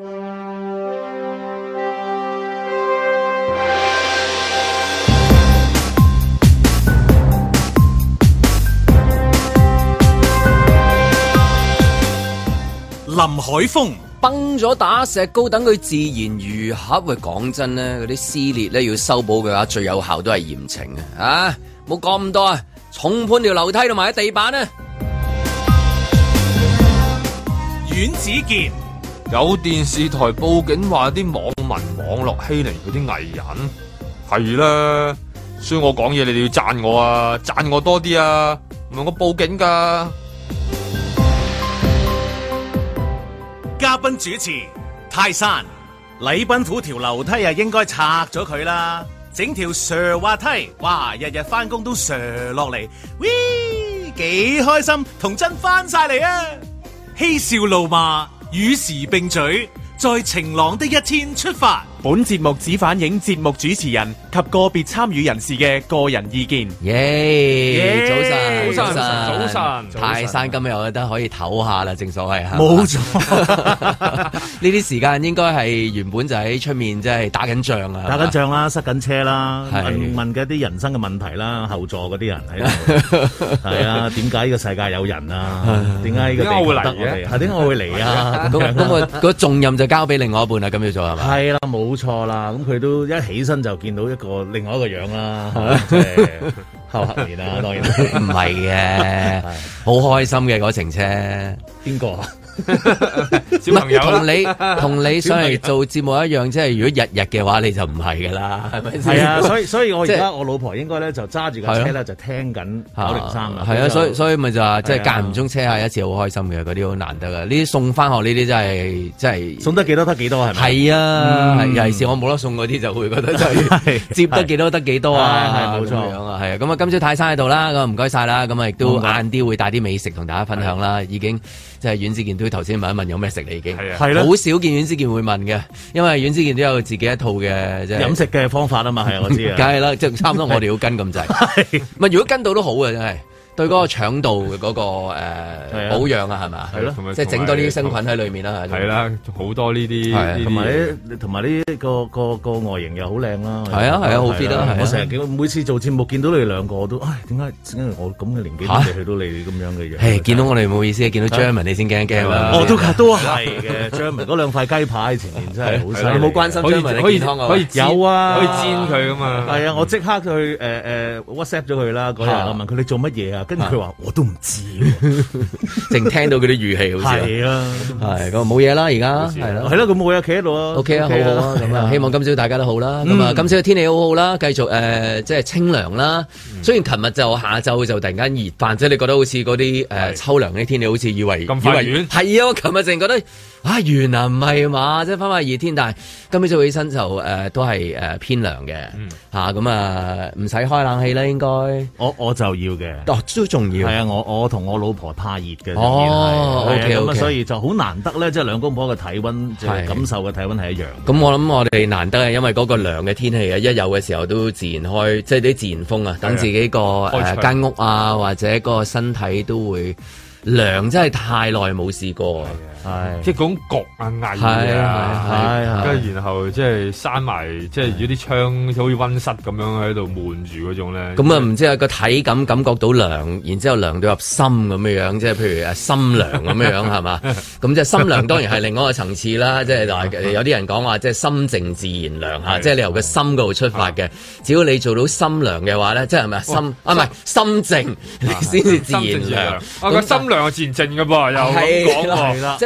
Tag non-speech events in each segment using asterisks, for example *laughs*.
林海峰崩咗打石膏，等佢自然愈合。喂，講真呢，嗰啲撕裂咧要修補嘅話，最有效都係嚴懲啊！啊，冇講咁多啊，重判條樓梯同埋啲地板啊！阮子健。有電視台報警話啲網民網絡欺凌嗰啲藝人，係啦，所以我講嘢你哋要讚我啊，讚我多啲啊，唔係我報警噶。嘉賓主持泰山禮賓府條樓梯啊，應該拆咗佢啦，整條蛇滑梯，哇，日日翻工，都蛇落嚟。喂，幾開心，童真翻晒嚟啊，嬉笑怒罵。與時並舉，在晴朗的一天出發。本節目只反映節目主持人及個別參與人士嘅個人意見。耶、yeah, yeah！早晨，早晨，早晨！泰山今日我覺得可以唞下啦，正所謂啊。冇錯，呢啲 *laughs* 時間應該係原本就喺出面，即係打緊仗啊，打緊仗啦，塞緊車啦，問問緊一啲人生嘅問題啦，後座嗰啲人喺度，係 *laughs* 啊，點解呢個世界有人啊？點解呢個會嚟嘅？點解我會嚟啊？咁 *laughs* 咁、啊 *laughs* 那個、那個那個重任就交俾另外一半啦。咁要做係嘛？係啦，冇、啊。冇錯啦，咁佢都一起身就見到一個另外一個樣啦，啊就是、 *laughs* 後黑面啦，當然唔係嘅，好 *laughs* 是的 *laughs* 開心嘅嗰程車，邊個、啊？ *laughs* 小朋友，同你同你上嚟 *laughs* 做節目一樣，即係如果日日嘅話，你就唔係噶啦，係咪？係啊，所以所以，所以我而家、就是、我老婆應該咧就揸住架車咧、啊、就聽緊九零三啊。係啊，所以所以咪就話即係間唔中車下一次好開心嘅，嗰啲好難得啊！呢啲送翻學呢啲真係真係送得幾多得幾多係咪？係啊、嗯，尤其是我冇得送嗰啲就會覺得就是、是接得幾多得幾多啊，冇錯啊，係咁啊！今朝泰山喺度啦，咁啊唔該晒啦，咁啊亦都晏啲會帶啲美食同大家分享啦、嗯啊，已經。即係阮子健都頭先問一問有咩食咧已經，係啊的，係啦，好少見阮子健會問嘅，因為阮子健都有自己一套嘅，即係飲食嘅方法啊嘛，係我知。 *laughs* 梗係啦，即係差唔多我哋要跟咁滯，唔 *laughs* 是的 如果跟到都好啊，真係。對嗰個腸道嗰、嗰個誒保養啊，係咪？係咯，即係整多呢啲生菌喺裏面啦。係啦，好多呢啲。同埋呢，同埋呢個個個外形又好靚啦。係啊係啊，好 fit 啦。我成日見，每次做節目見到你哋兩個，我都，點解點解我咁嘅年紀都、啊、去到你咁樣嘅樣？誒、啊啊，見到我哋冇意思，見到張文你先驚一驚啊！我、啊啊哦哦、都都係嘅張文嗰兩塊雞排前面真係好新。你冇關心張文，可以燙佢嘅有啊，可以煎佢㗎嘛？係啊，我即刻去誒誒 WhatsApp 咗佢啦嗰日，我問佢你做乜嘢啊？跟住佢話我都唔知，淨聽到佢啲語氣好似係。啊，係咁冇嘢啦，而家係啦係啦，咁冇嘢企喺度啊。O K 啊，好好啊，咁啊，okay 啊 okay 啊 okay 啊 okay、啊希望今朝大家都好啦。咁、um, 啊，今朝嘅天氣好好啦，繼續誒，即、就、係、是、清涼啦。雖然琴日就下晝就突然間熱，或、um, 者你覺得好似嗰啲誒秋涼啲天氣，好似以為咁快暖，係啊，我琴日淨覺得。啊，原來唔係嘛，即係翻翻熱天，但係今朝早起身就誒、呃、都係誒、呃、偏涼嘅吓，咁啊唔使、呃、開冷氣啦，應該我我就要嘅，啊、哦、最重要係啊，我我同我老婆怕熱嘅，哦，咁、啊 okay, okay、所以就好難得咧，即係兩公婆嘅體温，係感受嘅體温係一樣。咁、嗯、我諗我哋難得係因為嗰個涼嘅天氣啊，一有嘅時候都自然開，即係啲自然風自、呃、啊，等自己個誒間屋啊或者個身體都會涼，真係太耐冇試過。係、啊、即係嗰種焗啊、翳嘅嘢啊，跟、啊啊、然後即係閂埋，即係如果啲窗好似溫室咁樣喺度悶住嗰種咧。咁啊，唔知個、即係即係、體感感覺到涼，然之後涼到入心咁樣樣，即係譬如誒心涼咁樣樣係嘛？咁 *laughs* 即係心涼，當然係另外一個層次啦。 *laughs* 即係、啊、有啲人講話，即係心靜自然涼吓、啊，即係你由個心嗰度出發嘅、啊。只要你做到心涼嘅話咧、啊啊，即係咪心、哦、啊？唔、啊、係心靜，你先至自然涼。啊，個心涼就、啊自，啊啊啊啊、自然靜噶噃，有講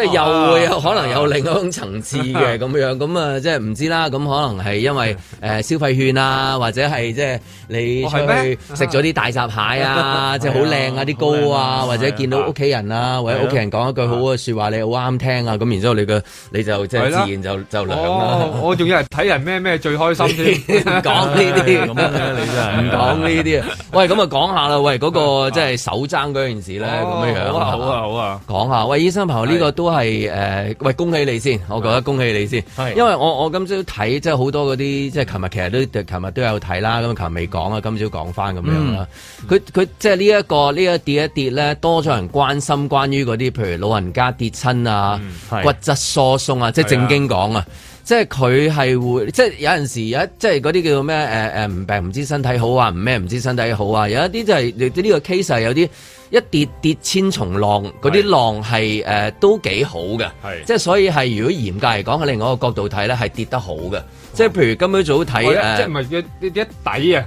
喎。又會有可能有另一種層次嘅咁樣，咁啊即係唔知啦。咁可能係因為誒消費券 *laughs* 啊， *laughs* 啊，啊，啊，或者係即係你出去食咗啲大閘蟹啊，即係好靚啊啲膏啊，或者見到屋企人啊，或者屋企人講一句好嘅説話，你好啱聽啊。咁、啊、然之後你嘅你就即係自然就、啊、就兩、哦啊、我仲要係睇人咩咩最開心先講呢啲，咁你真係唔講呢啲啊。喂，咁啊講下啦。喂，嗰個即係手踭嗰件事咧，咁樣樣啊，好啊好啊，講下。喂，醫生朋友呢個都。啊都係誒、呃，喂！恭喜你先，我覺得恭喜你先。係，因為我我今朝睇即係好多嗰啲，即係琴日其實都琴日都有睇啦。咁琴日未講啊，今朝講翻咁樣啦。佢、嗯、佢即係呢一個呢一、這個、跌一跌咧，多咗人關心，關於嗰啲譬如老人家跌親啊、嗯，骨質疏鬆啊，即係正經講啊。即係佢係會，即係有陣時有一，即係嗰啲叫做咩？誒、呃、誒，唔病唔知身體好啊，唔咩唔知身體好啊。有一啲就係、是，呢、這個 case 係有啲一跌跌千重浪，嗰啲浪係誒都幾好嘅。即係所以係，如果嚴格嚟講，喺另外一個角度睇咧，係跌得好嘅。即係譬如今朝早睇，即係唔係一底啊？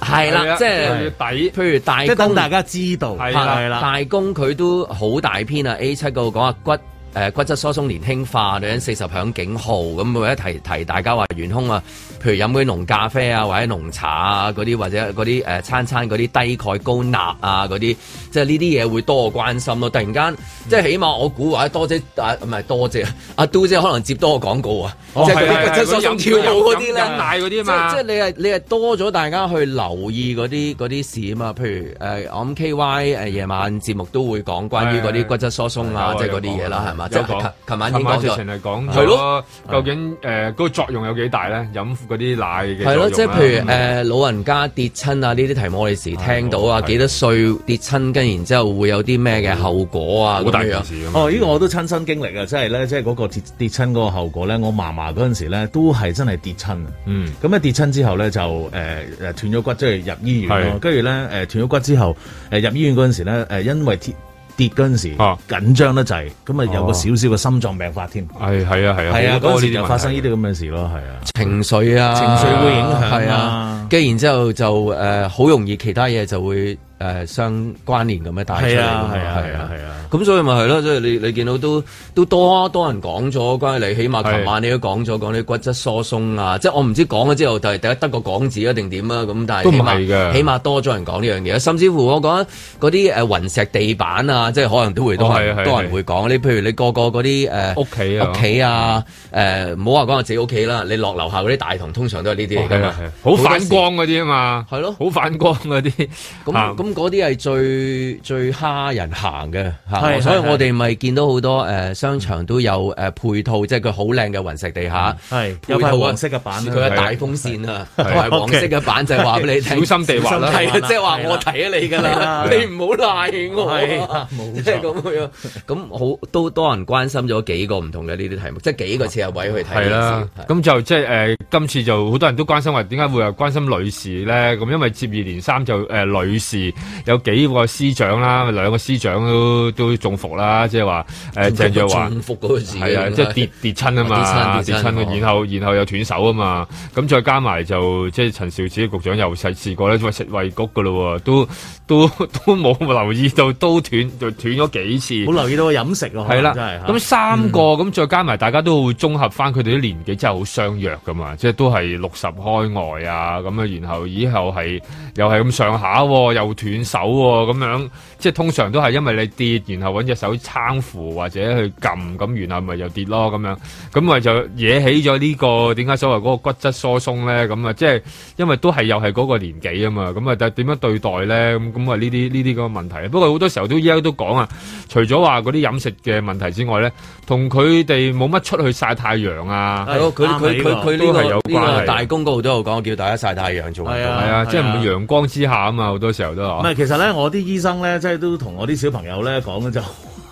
係啦，即係底。譬如大公，即、就、等、是、大家知道。係啦，大公佢都好大篇啊，A 七嗰度講下骨。誒骨質疏鬆年輕化，女人四十響警號。咁我一提提大家話元兇啊！譬如飲杯啲濃咖啡啊，或者濃茶啊，嗰啲或者嗰啲誒餐餐嗰啲低鈣高鈉啊，嗰啲即係呢啲嘢會多個關心咯。突然間，即係起碼我估或者多謝啊唔係多謝阿都姐，啊多謝啊、多謝可能接多個廣告啊，哦、即係骨質疏鬆、哦、鬆跳舞嗰啲咧，飲奶嗰啲嘛。即係、嗯嗯嗯嗯嗯嗯嗯、你係你係多咗大家去留意嗰啲嗰啲事啊嘛。譬如誒、呃，我諗 K Y 誒、呃、夜晚節目都會講關於嗰啲骨質疏鬆啊，即係嗰啲嘢啦，係嘛？即係琴晚已經講咗，係咯？究竟誒嗰個作用有幾大咧？飲。啲奶嘅係咯，即係譬如誒、嗯呃、老人家跌親啊，呢啲題目我哋時聽到啊，幾、哎、多歲跌親，跟、嗯、然後之後會有啲咩嘅後果啊？好大件事哦，呢、這個我都親身經歷啊！即係咧，即係嗰個跌跌親嗰個後果咧，我嫲嫲嗰陣時咧都係真係跌親嗯，咁一跌親之後咧就誒誒、呃、斷咗骨，即、就、係、是、入醫院。跟住咧誒斷咗骨之後，誒、呃、入醫院嗰陣時咧誒因為跌跌嗰陣時、啊，緊張得滯，咁啊有個少少嘅心臟病發添，係係啊係啊，嗰陣、哎啊啊、時又發生呢啲咁嘅事咯，係啊，啊，啊，情緒啊，情緒會影響，係啊，既、啊、然之後就誒好、呃、容易其他嘢就會。誒、呃，相關聯咁嘅大出啊，啊，啊，咁、啊啊啊啊、所以咪係咯，即係你你見到都都多多人講咗，關於你起碼琴晚你都講咗講啲骨質疏鬆啊，啊即係我唔知講咗之後就係得得個講字一定點啊，咁但係起碼起碼多咗人講呢樣嘢，甚至乎我講嗰啲誒雲石地板啊，即係可能都會多人，哦啊啊、多人會講，你譬如你個個嗰啲誒屋企屋企啊，誒唔好話講自己屋企啦，你落樓下嗰啲大堂通常都係呢啲嚟㗎嘛，好、啊、反光嗰啲啊嘛，係咯、啊，好反光嗰啲咁。咁嗰啲係最最蝦人行嘅，所以我哋咪見到好多誒、呃、商場都有誒、呃、配套，即係佢好靚嘅雲石地下，係、嗯、有塊黃色嘅板，佢有大風扇啊，同黃色嘅板就係話俾你、嗯、聽，小心地滑，即係話我睇咗你噶啦，啦就是、你唔好賴我，係，冇咁、就是、樣，咁 *laughs* 好都多人關心咗幾個唔同嘅呢啲題目，即係幾個切入位去睇，啦，咁就即係誒今次就好多人都關心話，點解會有關心女士咧？咁因為接二連三就誒、呃、女士。有幾個司長啦，兩個司長都都中伏啦，即係話誒鄭若驊，中伏、呃、啊，即係跌跌親啊嘛，跌親然後然後又斷手啊嘛，咁、嗯嗯、再加埋就即係、就是、陳肇始局長又試試過咧，喂，食維骨力噶咯喎，都都都冇留意到都斷就斷咗幾次，好留意到飲食喎，係啦，咁、啊、三個咁、嗯、再加埋，大家都會綜合返佢哋啲年紀真係好相若噶嘛，即係都係六十開外啊咁啊，然後以後係又係咁上下又、啊斷手喎，咁樣即係通常都係因為你跌，然後揾隻手撐扶或者去撳，咁然後咪又跌咯，咁樣咁咪就惹起咗呢個點解所謂嗰個骨質疏鬆咧？咁啊，即係因為都係又係嗰個年紀啊嘛，咁啊，但點樣對待咧？咁咁啊，呢啲呢啲咁嘅問題。不過好多時候都依家都講啊，除咗話嗰啲飲食嘅問題之外咧，同佢哋冇乜出去晒太陽啊。係佢佢佢佢呢個呢個大公告都有講，我叫大家晒太陽做運動，係啊，啊，即係唔陽光之下啊嘛，好多時候都。唔係，其實咧，我啲醫生咧，即係都同我啲小朋友咧講嘅就。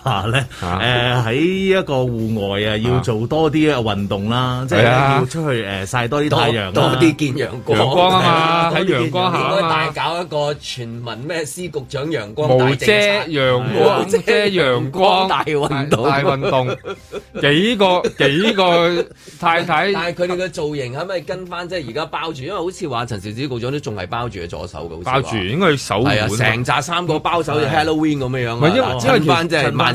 話咧，誒喺一個戶外啊，要做多啲運動啦，即係要出去誒曬多啲太陽，多啲見陽光，陽光啊嘛，喺陽光下啊嘛，大搞一個全民咩司局長陽光無遮陽光，無遮陽光大運動，大運動幾個幾個太太，但係佢哋嘅造型係咪跟翻即係而家包住？因為好似話陳肇始局長都仲係包住嘅左手嘅，包住應該手係啊，成扎三個包手，Halloween 咁樣啊，咪因為只係即係萬。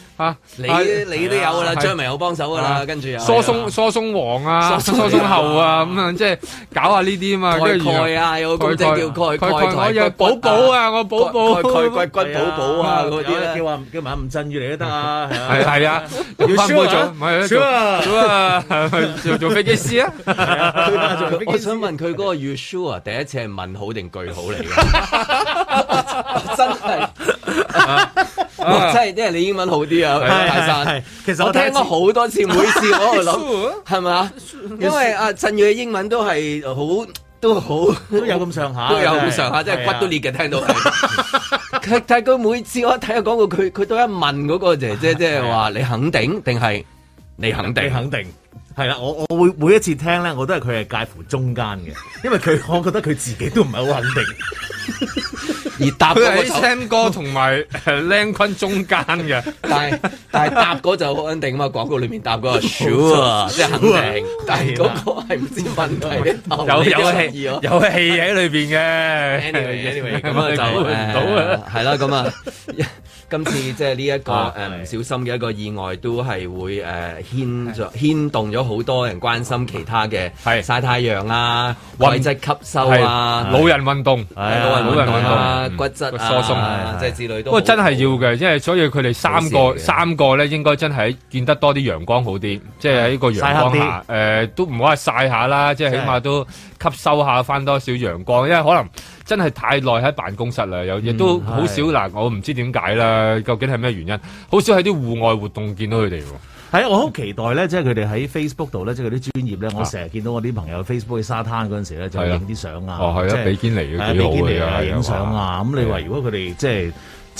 你你也有了啊！你你都有噶啦，張、啊啊、明有幫手噶啦，跟住又疏鬆、啊、疏鬆王啊，疏鬆侯啊，咁啊，即、嗯、係、就是、搞下呢啲啊嘛，跟住鈣啊，蓋蓋啊有個公仔咁就叫鈣鈣台鈣寶寶啊，我寶寶鈣鈣骨寶寶啊，嗰啲叫阿叫埋吳鎮宇嚟都得啊，係係啊，做翻嗰做做飛機師啊，我想問佢嗰個 u s h 第一次係問好定句好嚟嘅？真係。 *laughs* 啊、真係即係你英文好啲啊，大山是是是。其實，我，我聽咗好多次， *laughs* 每次我喺度諗，係咪啊？因為阿陳宇嘅英文都係好，都好，都有咁上下， *laughs* 都有咁上下，真係骨都裂嘅。聽到，但睇佢，每次我睇下廣告，佢佢都一問嗰個姐姐，即係話你肯定定係你肯定？你肯定？係啦，我我會每一次聽咧，我都係佢係介乎中間嘅，因為佢我覺得佢自己都唔係好穩定，而答佢係聽歌同埋靚坤中間嘅，但係但係答嗰就好穩定啊嘛，廣告裏面答嗰係 sure，即係肯定，但係嗰個係唔知問題嘅答案，有有戲有戲喺裏邊嘅，anyway anyway 咁佢就揾唔到係啦，咁啊。今次即係呢一個誒唔小心嘅一個意外，都係會誒牽著牽動咗好多人關心其他嘅晒太陽啊、骨質吸收啊、老人運動老人、啊、老人運動啊、嗯、骨質疏鬆啊，即係、啊啊、之類都。不過真係要嘅，因為所以佢哋三個三個咧，應該真係見得多啲陽光好啲、啊，即係喺個陽光下誒、呃，都唔可以晒下啦，即係起碼都吸收下翻多少陽光，因為可能。真係太耐喺辦公室啦，有亦都好少嗱、嗯，我唔知點解啦，究竟係咩原因？好少喺啲戶外活動見到佢哋喎。係啊，我好期待咧，即係佢哋喺 Facebook 度咧，即係啲專業咧，我成日見到我啲朋友 Facebook 去沙灘嗰陣時咧，就影啲相啊，即係、係啊、比堅尼嘅幾好嘅啊，影相啊。咁你話如果佢哋即係。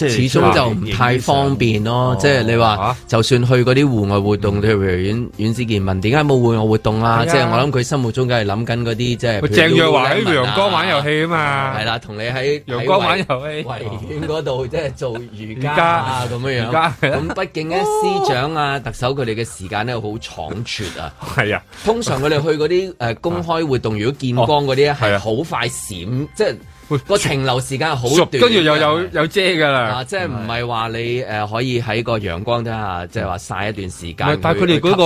始終就唔太方便咯、嗯哦，即係你話、啊、就算去嗰啲戶外活動，例、嗯、如阮阮子健問點解冇戶外活動啊？是啊，即係我諗佢心目中梗係諗緊嗰啲即係。鄭若華喺陽光玩遊戲啊嘛，係啦、啊，同你喺陽光玩遊戲，維園嗰度即係做瑜伽啊咁樣樣。咁畢、啊、竟咧、哦，司長啊、特首佢哋嘅時間咧好倉促啊。係啊，通常佢哋去嗰啲誒公開活動，啊、如果見光嗰啲咧，係、哦、好、啊、快閃、啊、即係。個停留時間好短，跟住又有對對有，有遮噶啦、啊，即係唔係話你誒可以喺個陽光底下即係話曬一段時間？但係佢哋嗰個，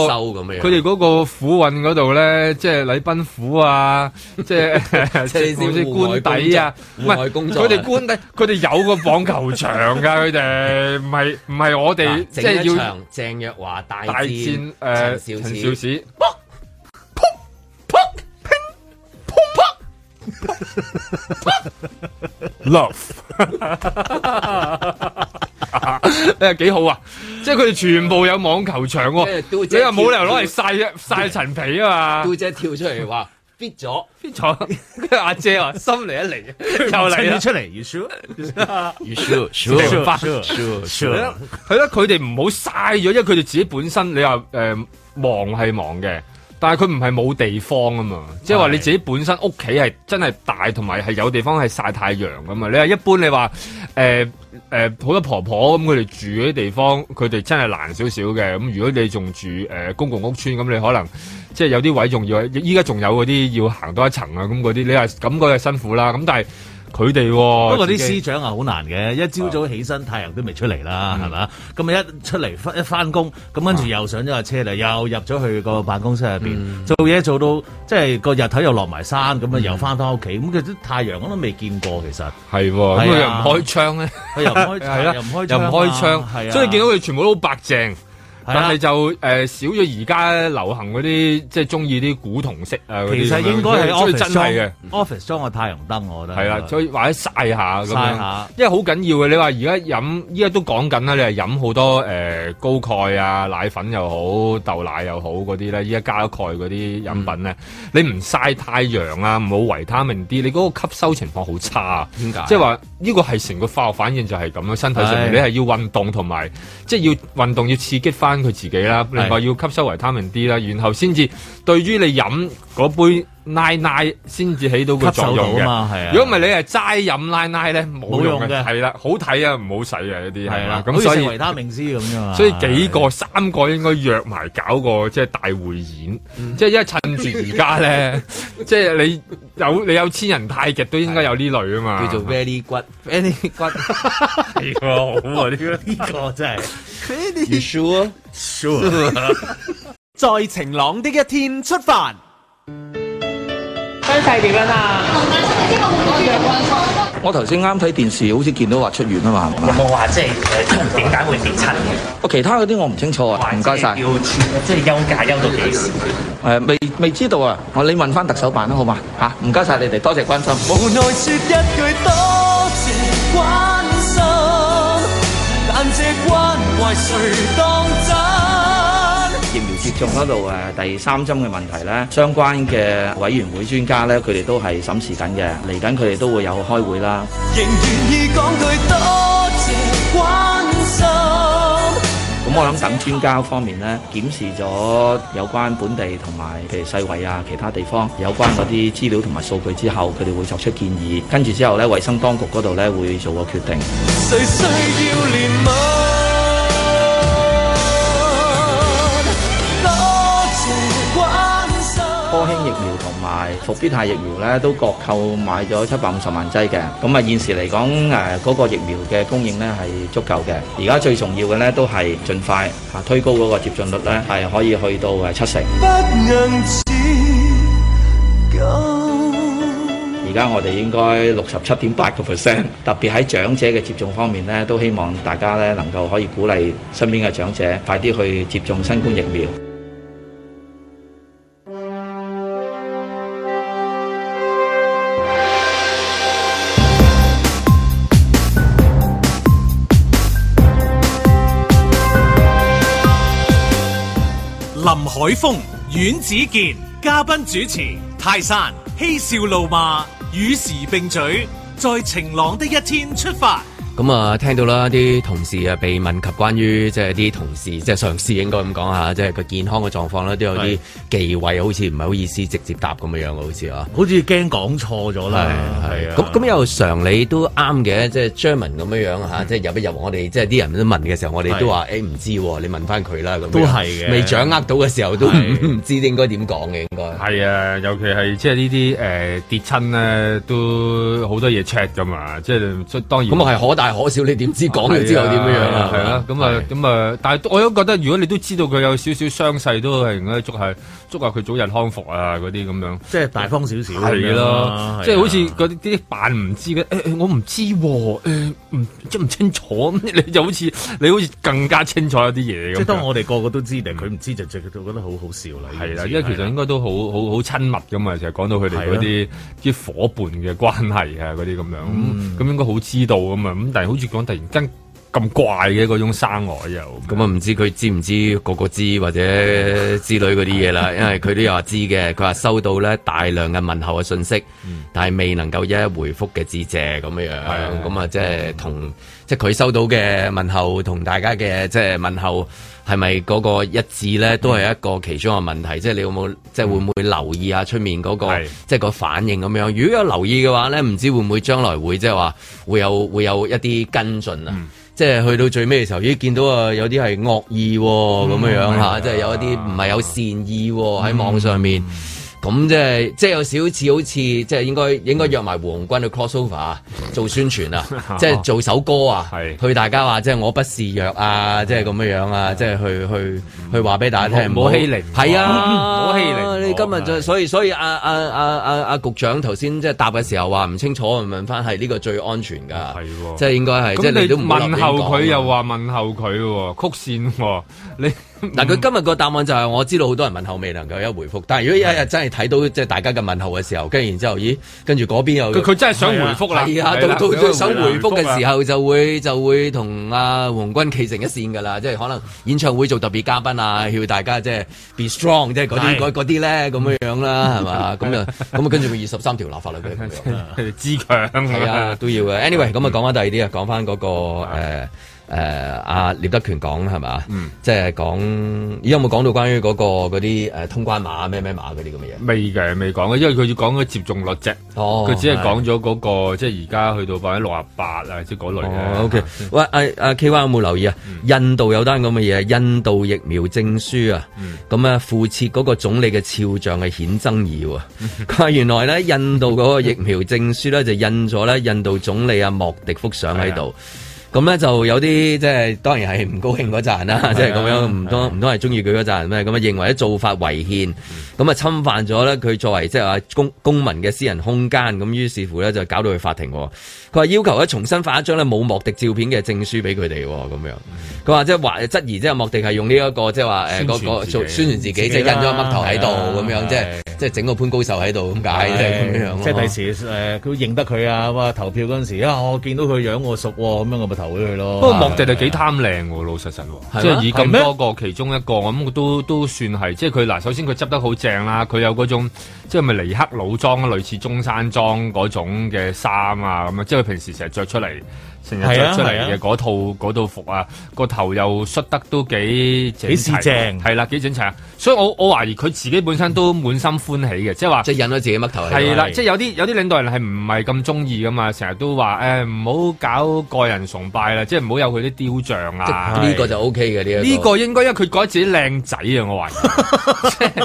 佢哋嗰個府運嗰度咧，即係禮賓府啊，即係陳少志官邸啊，唔係佢哋官邸，佢哋有個網球場㗎，佢哋唔係唔係我哋即係要鄭若華大戰陳少。 *laughs* love，誒、 *laughs* 啊、幾好啊！即係佢哋全部有網球場喎、啊， *music* 你又冇理由攞嚟晒晒陳皮啊嘛！杜姐跳出嚟話必咗，必咗跟 i 阿姐啊，啊姐心嚟一嚟又嚟咗 *laughs* 出嚟 sure?，sure sure sure sure sure sure 係咯，佢哋唔好嘥咗，因為佢哋自己本身你話誒忙係忙嘅。但係佢唔係冇地方啊嘛，即係話你自己本身屋企係真係大，同埋係有地方係曬太陽咁嘛。你係一般你話誒誒好多婆婆咁佢哋住嗰啲地方，佢哋真係難少少嘅。咁如果你仲住、呃、公共屋邨，咁，你可能即係有啲位仲要依家仲有嗰啲要行多一層啊咁嗰啲，你係咁嗰就辛苦啦。咁但係。佢哋、啊，不過啲師長啊好難嘅，一朝早起身太陽都未出嚟啦，係、嗯、咪？咁一出嚟一翻工，咁跟住又上咗架車嚟、啊，又入咗去個辦公室入面，做、嗯、嘢，做，做到即係個日頭又落埋山，咁、嗯、啊又翻返屋企，咁佢啲太陽我都未見過其實。係喎、啊，佢、啊、又唔開窗咧，佢又唔開， *laughs* 啊、又唔開窗、啊啊啊，所以見到佢全部都白淨。但係就誒、呃、少咗而家流行嗰啲，即係中意啲古銅色啊嗰啲，所以、應該係、真係嘅。office 裝個太陽燈，我覺得係啦。所以或者晒下咁樣下，因為好緊要嘅。你話而家飲依家都講緊啦，你係飲好多誒、呃、高鈣啊奶粉又好豆奶又好嗰啲咧，依家加鈣嗰啲飲品咧、嗯，你唔晒太陽啊，冇維他命 D，你嗰個吸收情況好差啊。點解？即係話呢個係成個化學反應就係咁樣，身體上面你係要運動同埋，即係要運動要刺激翻。佢自己啦，另外要吸收維他命 D 啦，然後先至對於你飲嗰杯。奶奶先至起到個作用嘅，如果唔係你係齋飲奶奶咧，冇用嘅。係啦，好睇啊，唔好使呀。呢啲係啦。咁、嗯、所以維他命 C 咁樣所以幾個三個應該約埋搞個即係、就是、大會演，即、嗯、係因為趁住而家咧，即 *laughs* 係你有你有千人太極都應該有呢類啊嘛。叫做 very good very good，係啊好啊呢個呢個真係。very sure sure？在 *laughs* 晴朗的一天出發。一切點樣啊？我頭先啱睇電視，好似見到話出院啊嘛，係嘛？有冇話即係點解會變親嘅？我其他嗰啲我唔清楚啊，唔該晒，即係休假休到幾時？誒、呃，未未知道啊。我你問翻特首辦啦，好嘛？嚇，唔該晒，你哋，多謝關心。無奈，說一 *noise* 句樂：多謝關心。疫苗接種嗰度誒第三針嘅問題呢，相關嘅委員會專家呢，佢哋都係審視緊嘅，嚟緊佢哋都會有開會啦。咁我諗等專家方面呢，檢視咗有關本地同埋譬如世衞啊其他地方有關嗰啲資料同埋數據之後，佢哋會作出建議，跟住之後呢，衞生當局嗰度呢，會做個決定。誰誰疫苗同埋復必泰疫苗咧，都各購買咗七百五十萬劑嘅。咁啊，現時嚟講誒，嗰個疫苗嘅供應咧係足夠嘅。而家最重要嘅咧，都係盡快啊推高嗰個接種率咧，係可以去到係七成。而家我哋應該六十七點八個 percent，特別喺長者嘅接種方面咧，都希望大家咧能夠可以鼓勵身邊嘅長者快啲去接種新冠疫苗。海峰、阮子健嘉賓主持，泰山嬉笑怒罵，與時並舉，在晴朗的一天出發。咁、嗯、啊，聽到啦，啲同事啊被問及關於即係啲同事即係上司，應該咁講下，即係個健康嘅狀況啦，都有啲忌諱，好似唔係好意思直接答咁樣樣好似啊，好似驚講錯咗啦。係啊，咁咁又常理都啱嘅，即係張文咁樣樣嚇，即係入一入我哋即係啲人都問嘅時候，我哋都話誒唔知喎，你問翻佢啦。都係嘅，未掌握到嘅時候都唔知應該點講嘅，應該係啊，尤其係即係呢啲誒跌親咧，都好多嘢 check 嘅嘛，即係當然咁、嗯、可太可笑！你點知講完之後點樣樣啊？係啊，咁啊，咁、嗯、啊、嗯嗯，但係我都覺得，如果你都知道佢有少少傷勢，都係應該捉係。祝下佢早日康復啊！嗰啲咁樣，即係大方少少係咯，即係好似嗰啲啲扮唔知嘅，誒誒，我唔知喎，誒唔即係唔清楚咁，你就好似你好似更加清楚一啲嘢咁。即係當我哋個個都知，定佢唔知就就覺覺得好好笑啦。係啦，因為其實應該都好好好親密㗎嘛，就係講到佢哋嗰啲啲伙伴嘅關係啊嗰啲咁樣，咁、嗯、咁應該好知道咁嘛，咁但係好似講突然間。咁怪嘅嗰種生外又咁啊？唔、嗯、知佢知唔知個個知或者之類嗰啲嘢啦？ *laughs* 因為佢都有話知嘅，佢話收到咧大量嘅問候嘅信息，嗯、但係未能夠一一回覆嘅致謝咁樣樣。咁、嗯、啊，即係、嗯就是嗯、同即係佢收到嘅問候同大家嘅即係問候係咪嗰個一致咧？都係一個其中嘅問題。即、嗯、係、就是、你有冇即係會唔會留意下出面嗰、那個即係、嗯就是、個反應咁樣？如果有留意嘅話咧，唔知會唔會將來會即係話會有會有一啲跟進啊？嗯即係去到最尾嘅時候，已經見到啊有啲係惡意咁樣樣吓、嗯、即係有一啲唔係有善意喺網上面。嗯咁即係，即係有少似好似，即係應該應該約埋胡鴻鈞去 crossover 做宣傳啊， *laughs* 即係做首歌啊， *laughs* 去大家話即係我不示弱啊，即係咁嘅樣啊，即係去去去話俾大家聽，唔好欺凌，係啊，唔好欺凌啊。你今日就所以所以，所以啊啊啊啊啊，啊局長頭先即係答嘅時候話唔清楚，問翻係呢個最安全噶，係喎，即係應該係。即咁你都唔問候佢又話問候佢喎，曲線喎，你。嗱，佢今日個答案就係我知道好多人問候未能夠有回覆，但係如果有一日真係睇到即係大家嘅問候嘅時候，跟住然之後，咦，跟住嗰邊又佢真係想回覆啦，係、啊啊啊啊啊、想回覆嘅時候就會就會同阿、啊、王君企成一線噶啦，即係可能演唱會做特別嘉賓啊， *laughs* 叫大家即係 be strong，即係嗰啲嗰啲咧咁樣樣啦，係 *laughs* 嘛？咁啊咁啊，跟住佢二十三條立法律佢自強係啊都要嘅。Anyway，咁啊講翻第二啲啊，講翻嗰個、呃誒、呃，阿、啊、聶德權講係嘛？即係講，而家有冇講到關於嗰、那個嗰啲誒通關碼咩咩碼嗰啲咁嘅嘢？未嘅，未講嘅，因為佢要講嘅接種率啫。哦，佢只係講咗嗰個，是即係而家去到百分之六十八啊，即係嗰類嘅。OK，喂，阿阿 KY 有冇留意啊、嗯？印度有單咁嘅嘢，印度疫苗證書啊，咁、嗯、啊附設嗰個總理嘅肖像係顯爭議、啊。佢 *laughs* 話原來咧，印度嗰個疫苗證書咧 *laughs* 就印咗咧印度總理阿、啊、莫迪幅相喺度。咁咧就有啲即係當然係唔高興嗰陣啦，即係咁樣唔多唔多係鍾意佢嗰陣咩咁啊？認為做法違憲，咁啊侵犯咗咧佢作為即係公公民嘅私人空間，咁於是乎咧就搞到去法庭。佢話要求佢重新發一張呢冇莫迪照片嘅證書俾佢哋喎，咁樣佢話即係質疑即係莫迪係用呢、這、一個即係話個個宣傳自己，即係印咗嘜頭喺度咁樣，啊、即係即整個潘高壽喺度咁解，即係、啊、樣。即係、啊就是啊就是、第時佢、啊、認得佢啊，投票嗰時我見到佢樣我熟喎、啊，咁樣我咪投。佢咯。不 *noise* 過樂莫迪就幾貪靚喎，老實實，即係以咁多個其中一個，我諗都都算係，即係佢嗱。首先佢執得好正啦，佢有嗰種即係咪尼克老裝類似中山裝嗰種嘅衫啊咁啊，即係佢平時成日着出嚟。成日出嚟嘅嗰套嗰套服啊，個、啊啊、頭又梳得都幾幾正，係啦幾整齊啊！所以我我懷疑佢自己本身都滿心歡喜嘅，即係話即係引到自己乜頭係係啦，即係、就是、有啲有啲領導人係唔係咁中意噶嘛，成日都話誒唔好搞個人崇拜啦，即係唔好有佢啲雕像啊！呢、就是、個就 O K 嘅呢個呢應該因為佢覺得自己靚仔啊！我懷疑，即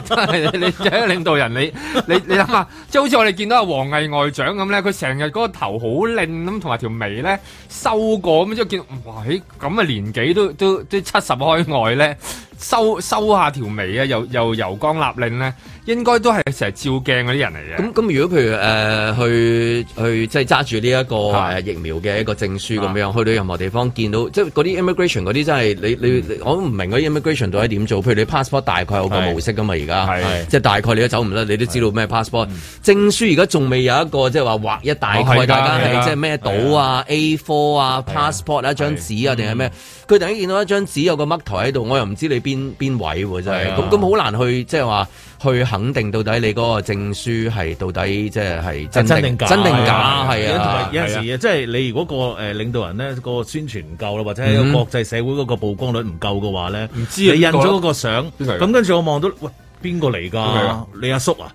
*laughs* 係 *laughs* *laughs* 你你領導人你你你諗下，即係好似我哋見到阿王毅外長咁咧，佢成日嗰個頭好靚咁，同埋條眉咧。收過咁樣，即係見到哇！咁嘅年紀都都都七十開外咧，收收下條眉啊，又又油光立領咧。應該都係成日照鏡嗰啲人嚟嘅。咁咁，如果譬如誒、呃、去去即係揸住呢一個疫苗嘅一個證書咁樣去到任何地方，見到即係嗰啲 immigration 嗰啲真係你你、嗯、我都唔明嗰啲 immigration 到底點做。譬如你 passport 大概有個模式噶嘛，而家即係大概你都走唔甩，你都知道咩 passport 證書。而家仲未有一個即係話畫一大概，哦、大家係即係咩島啊 A4 啊 passport 一張紙啊定係咩？佢突然間見到一張紙有個嘜頭喺度，我又唔知你邊邊位喎、啊，真係咁咁好難去即係話去肯定到底你嗰個證書係到底即係係真定假？真定假係啊！啊啊有陣時嘅即係你如果個誒領導人咧個宣傳唔夠啦，或者國際社會嗰個曝光率唔夠嘅話咧，你印咗嗰個相，咁跟住我望到喂。邊個嚟噶？你阿叔啊？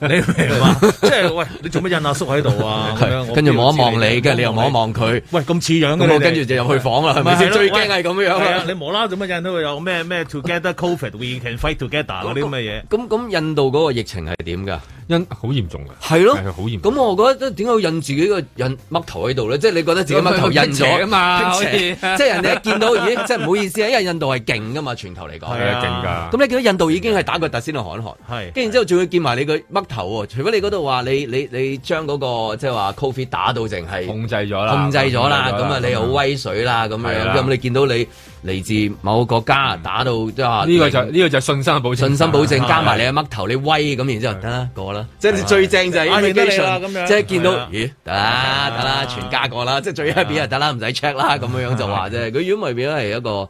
你明嘛、啊？即 *laughs* 係、 *laughs* 就是、喂，你做乜印阿叔喺度啊？跟住望一望你，跟住你又望一望佢。喂，咁似樣嘅、啊嗯，跟住就入去房啦，係咪最驚係咁樣嘅。哈哈你無啦啦做乜印到有咩咩？Together COVID，we can fight together 嗰啲咁嘅嘢。咁咁，印度嗰個疫情係點噶？好嚴重嘅，係咯，好嚴咁我覺得都點解印住自己個印嘜頭喺度咧？即、就、係、是、你覺得自己嘜頭印咗啊嘛？即係 *laughs* 人哋一見到，咦？即係唔好意思啊，因為印度係勁噶嘛，全球嚟講係啊，勁咁、嗯嗯嗯、你見到印度已經係打個突先嚟喊寒，跟然之後仲要見埋你個嘜頭喎，除非你嗰度話你你你，你將嗰、那個即係話 COVID 打到淨係控制咗啦，控制咗啦。咁啊，你又好威水啦咁樣。咁你見到你嚟自某國家打到即呢個就呢個就信心保證，信心保證加埋你嘅嘜頭，你威咁然之後得啦。即係最正就係、是，即係、就是、見到，啊、咦，得啦得啦，全家過啦、啊，即係最 happy 啊，得啦，唔使 check 啦，咁樣樣就話啫。佢如果未必係一個。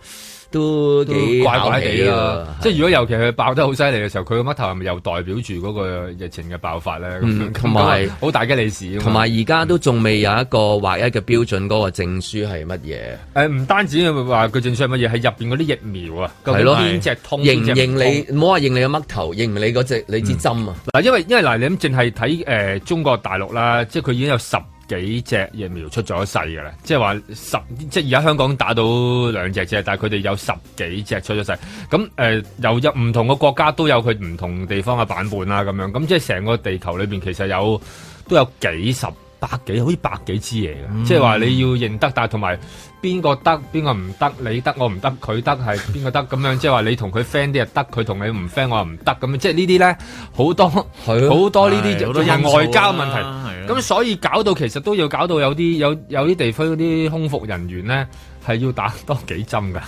都都怪怪哋啦，即係如果尤其佢爆得好犀利嘅時候，佢個嘜頭係咪又代表住嗰個疫情嘅爆發咧？同埋好大嘅利事。同埋而家都仲未有一個劃一嘅標準，嗰個證書係乜嘢？誒、嗯，唔、嗯嗯、單止話佢證書係乜嘢，係入邊嗰啲疫苗啊，係、那個、咯，邊隻通邊隻通？認唔認你？唔好話認你個嘜頭，認你嗰隻你支針啊？嗱、嗯，因為因為嗱，你諗淨係睇誒中國大陸啦，即係佢已經有十。幾隻疫苗出咗世嘅啦，即係話十即係而家香港打到兩隻啫，但係佢哋有十幾隻出咗世，咁誒、呃、又有唔同嘅國家都有佢唔同地方嘅版本啦，咁樣咁即係成個地球裏邊其實有都有幾十百幾，好似百幾支嘢嘅，嗯、即係話你要認得，但係同埋。邊個得，邊個唔得？你得，我唔得，佢得，係邊個得咁樣？即係話你同佢 friend 啲又得，佢同你唔 friend 我唔得咁樣，即係呢啲咧好多好、啊、多呢啲叫做外交問題。咁、啊啊、所以搞到其實都要搞到有啲有有啲地方嗰啲空服人員咧係要打多幾針噶。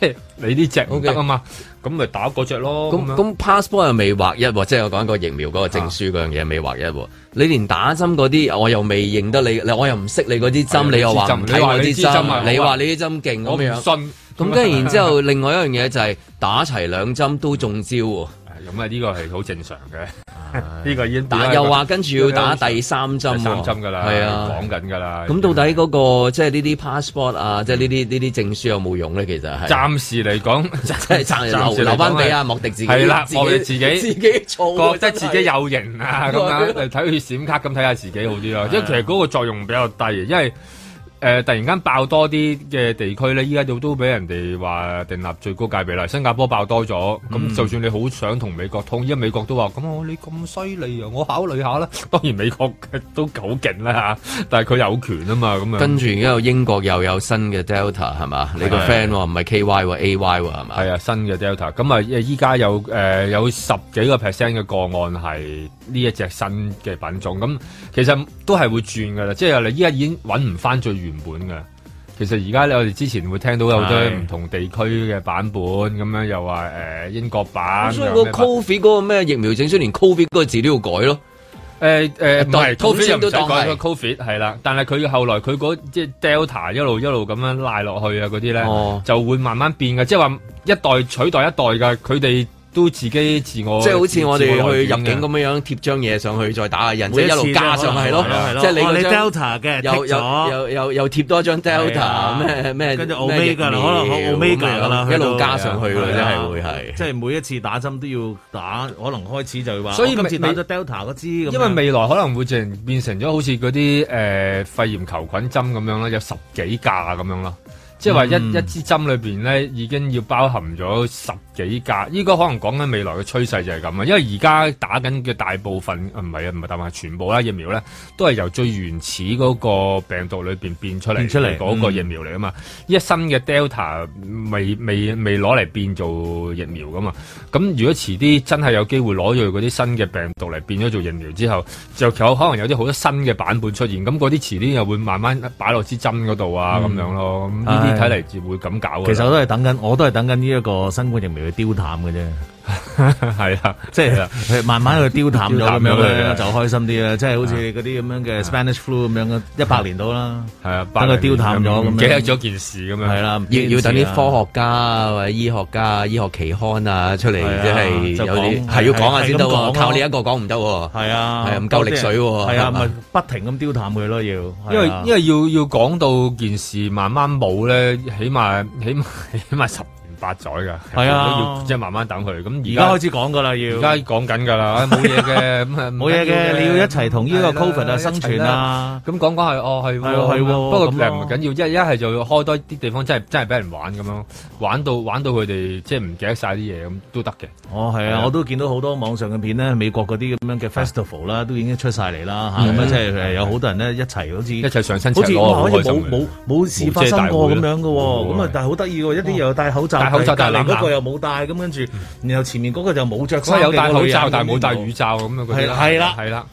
*laughs* 你呢隻、啊、ok 啊嘛，咁咪打嗰隻咯。咁咁 passport 又未劃一，即、就、係、是、我講緊個疫苗嗰個證書嗰樣嘢未劃一。你連打針嗰啲我又未認得你，我又唔識你嗰啲針，你又話唔睇我啲針，你話你啲針勁我樣。我未信。咁跟住然之後，另外一樣嘢就係、是、 *laughs* 打齊兩針都中招、啊。咁啊，呢個係好正常嘅 *laughs* 打，呢 *laughs* 個已經個，但又話跟住要打第三針、啊，第三針噶啦，係啊，講緊噶啦。咁、啊嗯、到底嗰、嗰個即係呢啲 passport 啊，即係呢啲呢啲證書有冇用咧？其實係暫時嚟講，即、嗯、係 *laughs* 留留翻俾阿莫迪自己，係啦，莫迪自己自己錯、啊、覺得自己有型啊，咁 *laughs* 樣睇、啊、佢 *laughs* 閃卡，咁睇下自己好啲咯、啊啊。因為其實嗰個作用比較低，因為。誒突然間爆多啲嘅地區咧，依家都都俾人哋話訂立最高界別啦。新加坡爆多咗，咁、嗯、就算你好想同美國通，依家美國都話：，咁我你咁犀利啊，我考慮下啦。當然美國都夠勁啦吓，但係佢有權啊嘛咁樣。跟住而家有英國又有新嘅 Delta 係嘛？你個 friend 唔係 K Y 喎 A Y 喎係嘛？係啊，新嘅 Delta。咁啊依家有有十幾個 percent 嘅個案係呢一隻新嘅品種。咁其實都係會轉噶啦，即係你依家已經揾唔翻最原本嘅，其實而家你我哋之前會聽到有好多唔同地區嘅版本，咁樣又話誒、呃、英國版，所以嗰個 covid 嗰個咩疫苗證書連 covid 嗰個字都要改咯。誒、欸、誒，都、呃、當係 covid 係啦。但係佢後來佢嗰即係 delta 一路一路咁樣拉落去啊，嗰啲咧就會慢慢變嘅，即係話一代取代一代㗎，佢哋。都自己自我自，即係好似我哋去入境咁樣貼張嘢上去，再打下人，即係一路加，加上去咯，即係你張 t 有嘅，又貼多張 Delta 咩咩，跟住 Omega 啦，可能 Omega 啦，一路加上去嘅，即係每一次打針都要打，可能開始就話，所以咁次打咗 Delta 嗰支，因為未來可能會變變成咗好似嗰啲肺炎球菌針咁樣啦，有十幾架咁樣咯，即係話一、嗯、一支針裏面咧已經要包含咗十。依家，依個可能講緊未來嘅趨勢就係咁啊！因為而家打緊嘅大部分唔係啊，唔係但係全部啦、啊，疫苗咧都係由最原始嗰個病毒裏邊變出嚟出嚟嗰個疫苗嚟啊嘛。一、嗯、新嘅 Delta 未未未攞嚟變做疫苗噶嘛。咁如果遲啲真係有機會攞咗佢嗰啲新嘅病毒嚟變咗做疫苗之後，就有可能有啲好多新嘅版本出現。咁嗰啲遲啲又會慢慢擺落支針嗰度啊，咁、嗯、樣咯。咁呢啲睇嚟會咁搞。其實我都係等緊，我都係等緊呢一個新冠疫苗。丟淡嘅啫，係啊，即係、啊、慢慢去丟淡咗咁樣咧，就開心啲啦、啊。即係好似嗰啲咁樣嘅、啊、Spanish flu 咁樣嘅，一百年到啦。係啊，啊等佢丟淡咗，咁記得咗件事咁樣。係啦、啊啊啊，要要等啲科學家啊，或者醫學家、醫學期刊啊出嚟，即係、啊就是、有啲係、啊啊、要講下先得，靠你一個講唔得。係啊，係啊，唔夠、啊、力水。係啊，咪、啊啊啊、不停咁丟淡佢咯，要。因為、啊、因為要要講到件事慢慢冇咧，起碼起碼起碼十。八載嘅，係啊，要即係慢慢等佢。咁而家開始講噶啦，要而家講緊噶啦，冇嘢嘅，冇嘢嘅，你要一齊同呢個 COVID 啊生存啊。咁講講係哦，係，係喎。不過唔緊要，一一係就要開多啲地方，真係真係俾人玩咁樣玩到玩到佢哋即係唔記得曬啲嘢咁，都得嘅。哦，係啊，我都見到好多網上嘅片咧，美國嗰啲咁樣嘅 festival 啦，都已經出曬嚟啦。咁即係有好多人咧一齊好似一齊上新，好似好似冇冇冇事發生過咁樣嘅喎。咁啊，但係好得意喎，一啲又戴口罩。大口罩但係嗰個又冇戴咁跟住，然後，然後前面嗰個就冇着衫，有戴口罩但係冇戴雨罩咁樣。係啦，係啦，係啦。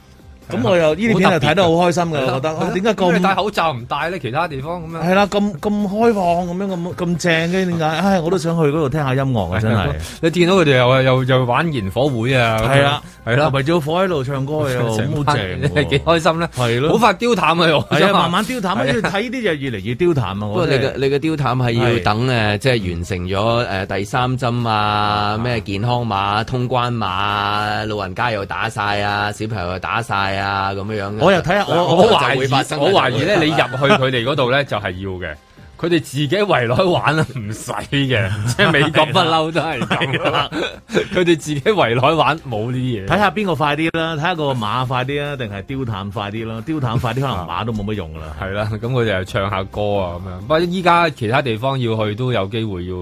咁、嗯嗯、我又呢啲片又睇得好開心嘅，我覺得。點解個咩戴口罩唔戴咧？其他地方咁樣。係啦，咁咁開放咁樣，咁咁正嘅點解？唉，我都想去嗰度聽下音樂啊！真係，你見到佢哋又又又玩營火會啊？係啦，係啦，圍住個火喺度唱歌唱又咁正，幾開心咧？係咯，好快凋淡啊！又慢慢凋淡啊！睇呢啲就越嚟越凋淡啊！不過你嘅你嘅凋淡係要等誒，即係完成咗誒第三針啊，咩健康碼、通關碼，老人家又打晒啊，小朋友又打晒啊。啊，咁樣樣，我又睇下，我我好懷疑發生。我懷疑咧，你入去佢哋嗰度咧，就係要嘅，佢哋自己圍內玩啊，唔使嘅，即係美國不嬲都係咁啦，佢 *laughs* 哋是的 *laughs* 自己圍內玩冇呢啲嘢，睇下邊個快啲啦，睇下個馬快啲啊，定係雕炭快啲啦，雕炭快啲可能馬都冇乜用噶啦，係 *laughs* 啦，咁佢哋就唱下歌啊咁樣，不過依家其他地方要去都有機會要。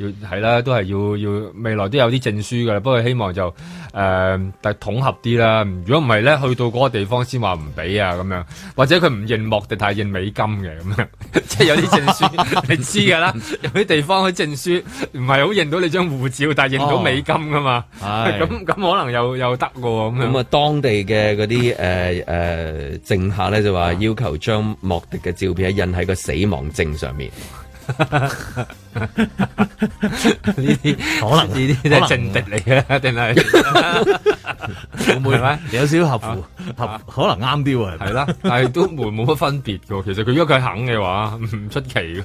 要係啦，都係要要，未來都有啲證書嘅，不過希望就誒、呃，但係統合啲啦。如果唔係咧，去到嗰個地方先話唔俾啊，咁樣或者佢唔認莫迪，但係認美金嘅，咁樣 *laughs* 即係有啲證書 *laughs* 你知噶啦，有啲地方嘅證書唔係好認到你張護照，但係認到美金噶嘛。咁、哦、咁可能又又得喎。咁啊，當地嘅嗰啲誒誒政客咧就話要求將莫迪嘅照片印喺個死亡證上面。呢 *laughs* 啲可能呢啲都係正敵嚟嘅，定係 *laughs* 會唔會？有少少合乎，啊、合、啊，可能啱啲啊。係啦，但係都冇乜分別嘅。其實佢如果佢肯嘅話，唔出奇嘅。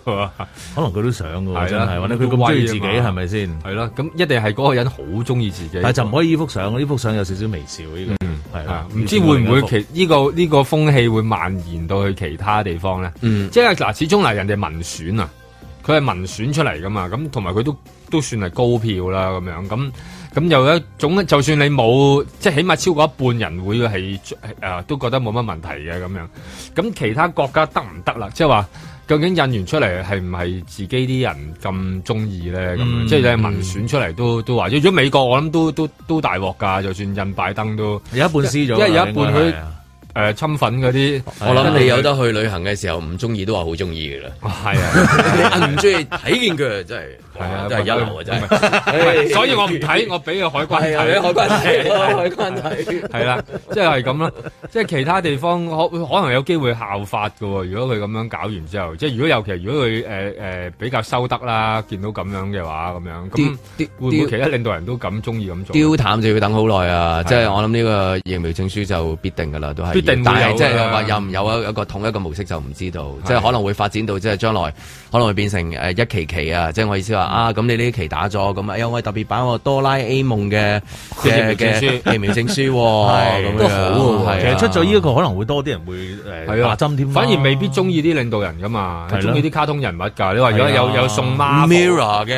可能佢都想嘅，真係或者佢懷疑自己係咪先？係啦，咁一定係嗰個人好中意自己，自己就唔可以呢幅相。呢幅相有少少微笑，呢、嗯這個係唔知會唔會其呢個呢個風氣會蔓延到去其他地方咧？即係嗱，始終嗱人哋民選啊。佢係民選出嚟噶嘛，咁同埋佢都都算係高票啦，咁樣咁咁有一種，就算你冇，即係起碼超過一半人會係誒、啊、都覺得冇乜問題嘅咁樣。咁其他國家得唔得啦？即係話究竟印完出嚟係唔係自己啲人咁中意咧？咁即係你係民選出嚟都、嗯、都話，如果美國我諗都都都大鑊㗎，就算印拜登都有一半輸咗、啊，因為有一半佢。誒、呃，侵粉嗰啲，我諗你有得去旅行嘅時候，唔中意都話好中意嘅啦。係啊，你唔中意睇見佢啊，真係。係、wow, 啊，就一 *laughs* 所以我不， *laughs* 我唔睇，我俾個海關睇。 *laughs* *laughs* 海關睇， *laughs* 海關係係啦，即係咁啦。即係其他地方可能有機會效法㗎喎。如果佢咁樣搞完之後，即係如果有其如果佢誒誒比較收得啦，見到咁樣嘅話，咁樣咁會唔會其他領導人都咁中意咁做？丟淡就要等好耐啊！即係我諗呢個疫苗證書就必定㗎啦，都係。必定、啊、但係即係話有有一個統一個模式就唔知道，即係可能會發展到即係、就是、將來可能會變成一期期啊！即、就、係、是、我意思話。啊，咁你呢期打咗，咁、哎、啊有位特別版個哆啦 A 夢嘅嘅書疫苗證書，咁、啊 *laughs* 哦、樣，其實出咗呢個可能會多啲人會誒呀，打針、啊啊、反而未必中意啲領導人噶嘛，係中意啲卡通人物噶。你話如果有、啊、有，有送媽媽 Mirror 嘅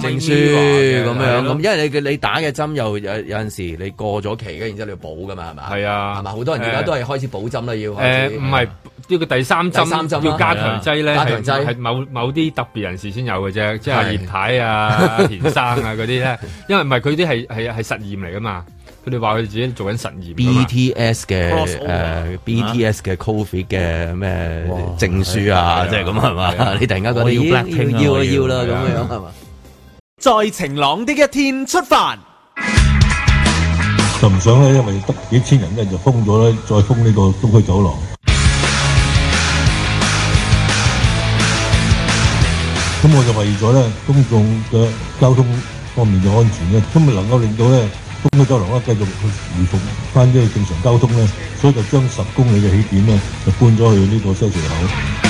證書咁、啊啊、樣，咁、啊、因為你你打嘅針又有有陣時你過咗期嘅，然之後你要補噶嘛，係嘛？係啊，係嘛？好多人而家都係開始補針啦，要唔係呢個第三針，第三針、啊、要加強劑咧，加強劑係某某啲特別人士先有嘅啫，即係、啊。田太啊，田生啊，嗰啲咧，因為唔係佢啲係係係實驗嚟噶嘛，佢哋話佢自己做緊實驗。BTS 嘅誒，BTS 嘅 Covid 嘅咩證書啊，即係咁係嘛？你突然間講要 blackpink，要啊要啦，咁樣係嘛？在晴朗的一天出發，就唔想咧，因為得幾千人，就封咗咧，再封呢個東區走廊。咁我就為咗呢，公眾嘅交通方面嘅安全咧，咁啊能夠令到呢東區走廊咧繼續去恢復返即係正常交通呢。所以就將十公里嘅起點呢，就搬咗去呢個西隧口。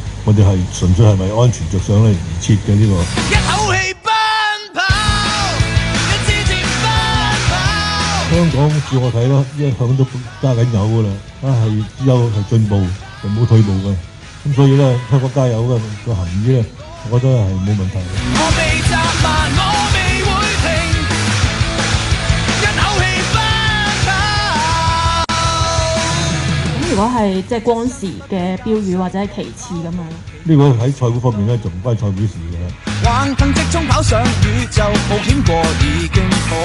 我哋係純粹係為安全着想咧而設嘅，呢個一口氣奔跑一奔跑。香港照我睇咯，一向都加緊油噶啦，一係只有係進步，就冇退步嘅。咁所以咧，香港加油嘅個行呢，我覺得係冇問題嘅。我如果係即係光時嘅標語，或者係其次咁樣。呢個喺賽會方面咧，就唔關賽會事嘅。橫行直衝，跑上宇宙，冒險過已經好。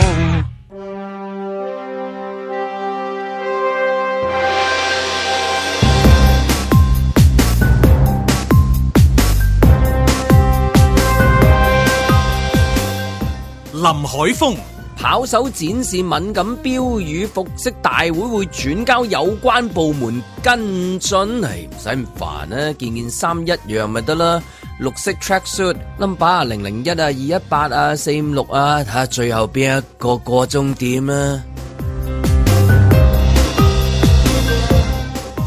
林海峰。跑手展示敏感標語服飾，大會會轉交有關部門跟進，係唔使咁煩啊！件件衫一樣咪得啦，綠色 track suit number 零零一啊，二一八啊，四五六啊，睇下最後邊一個過終點啊！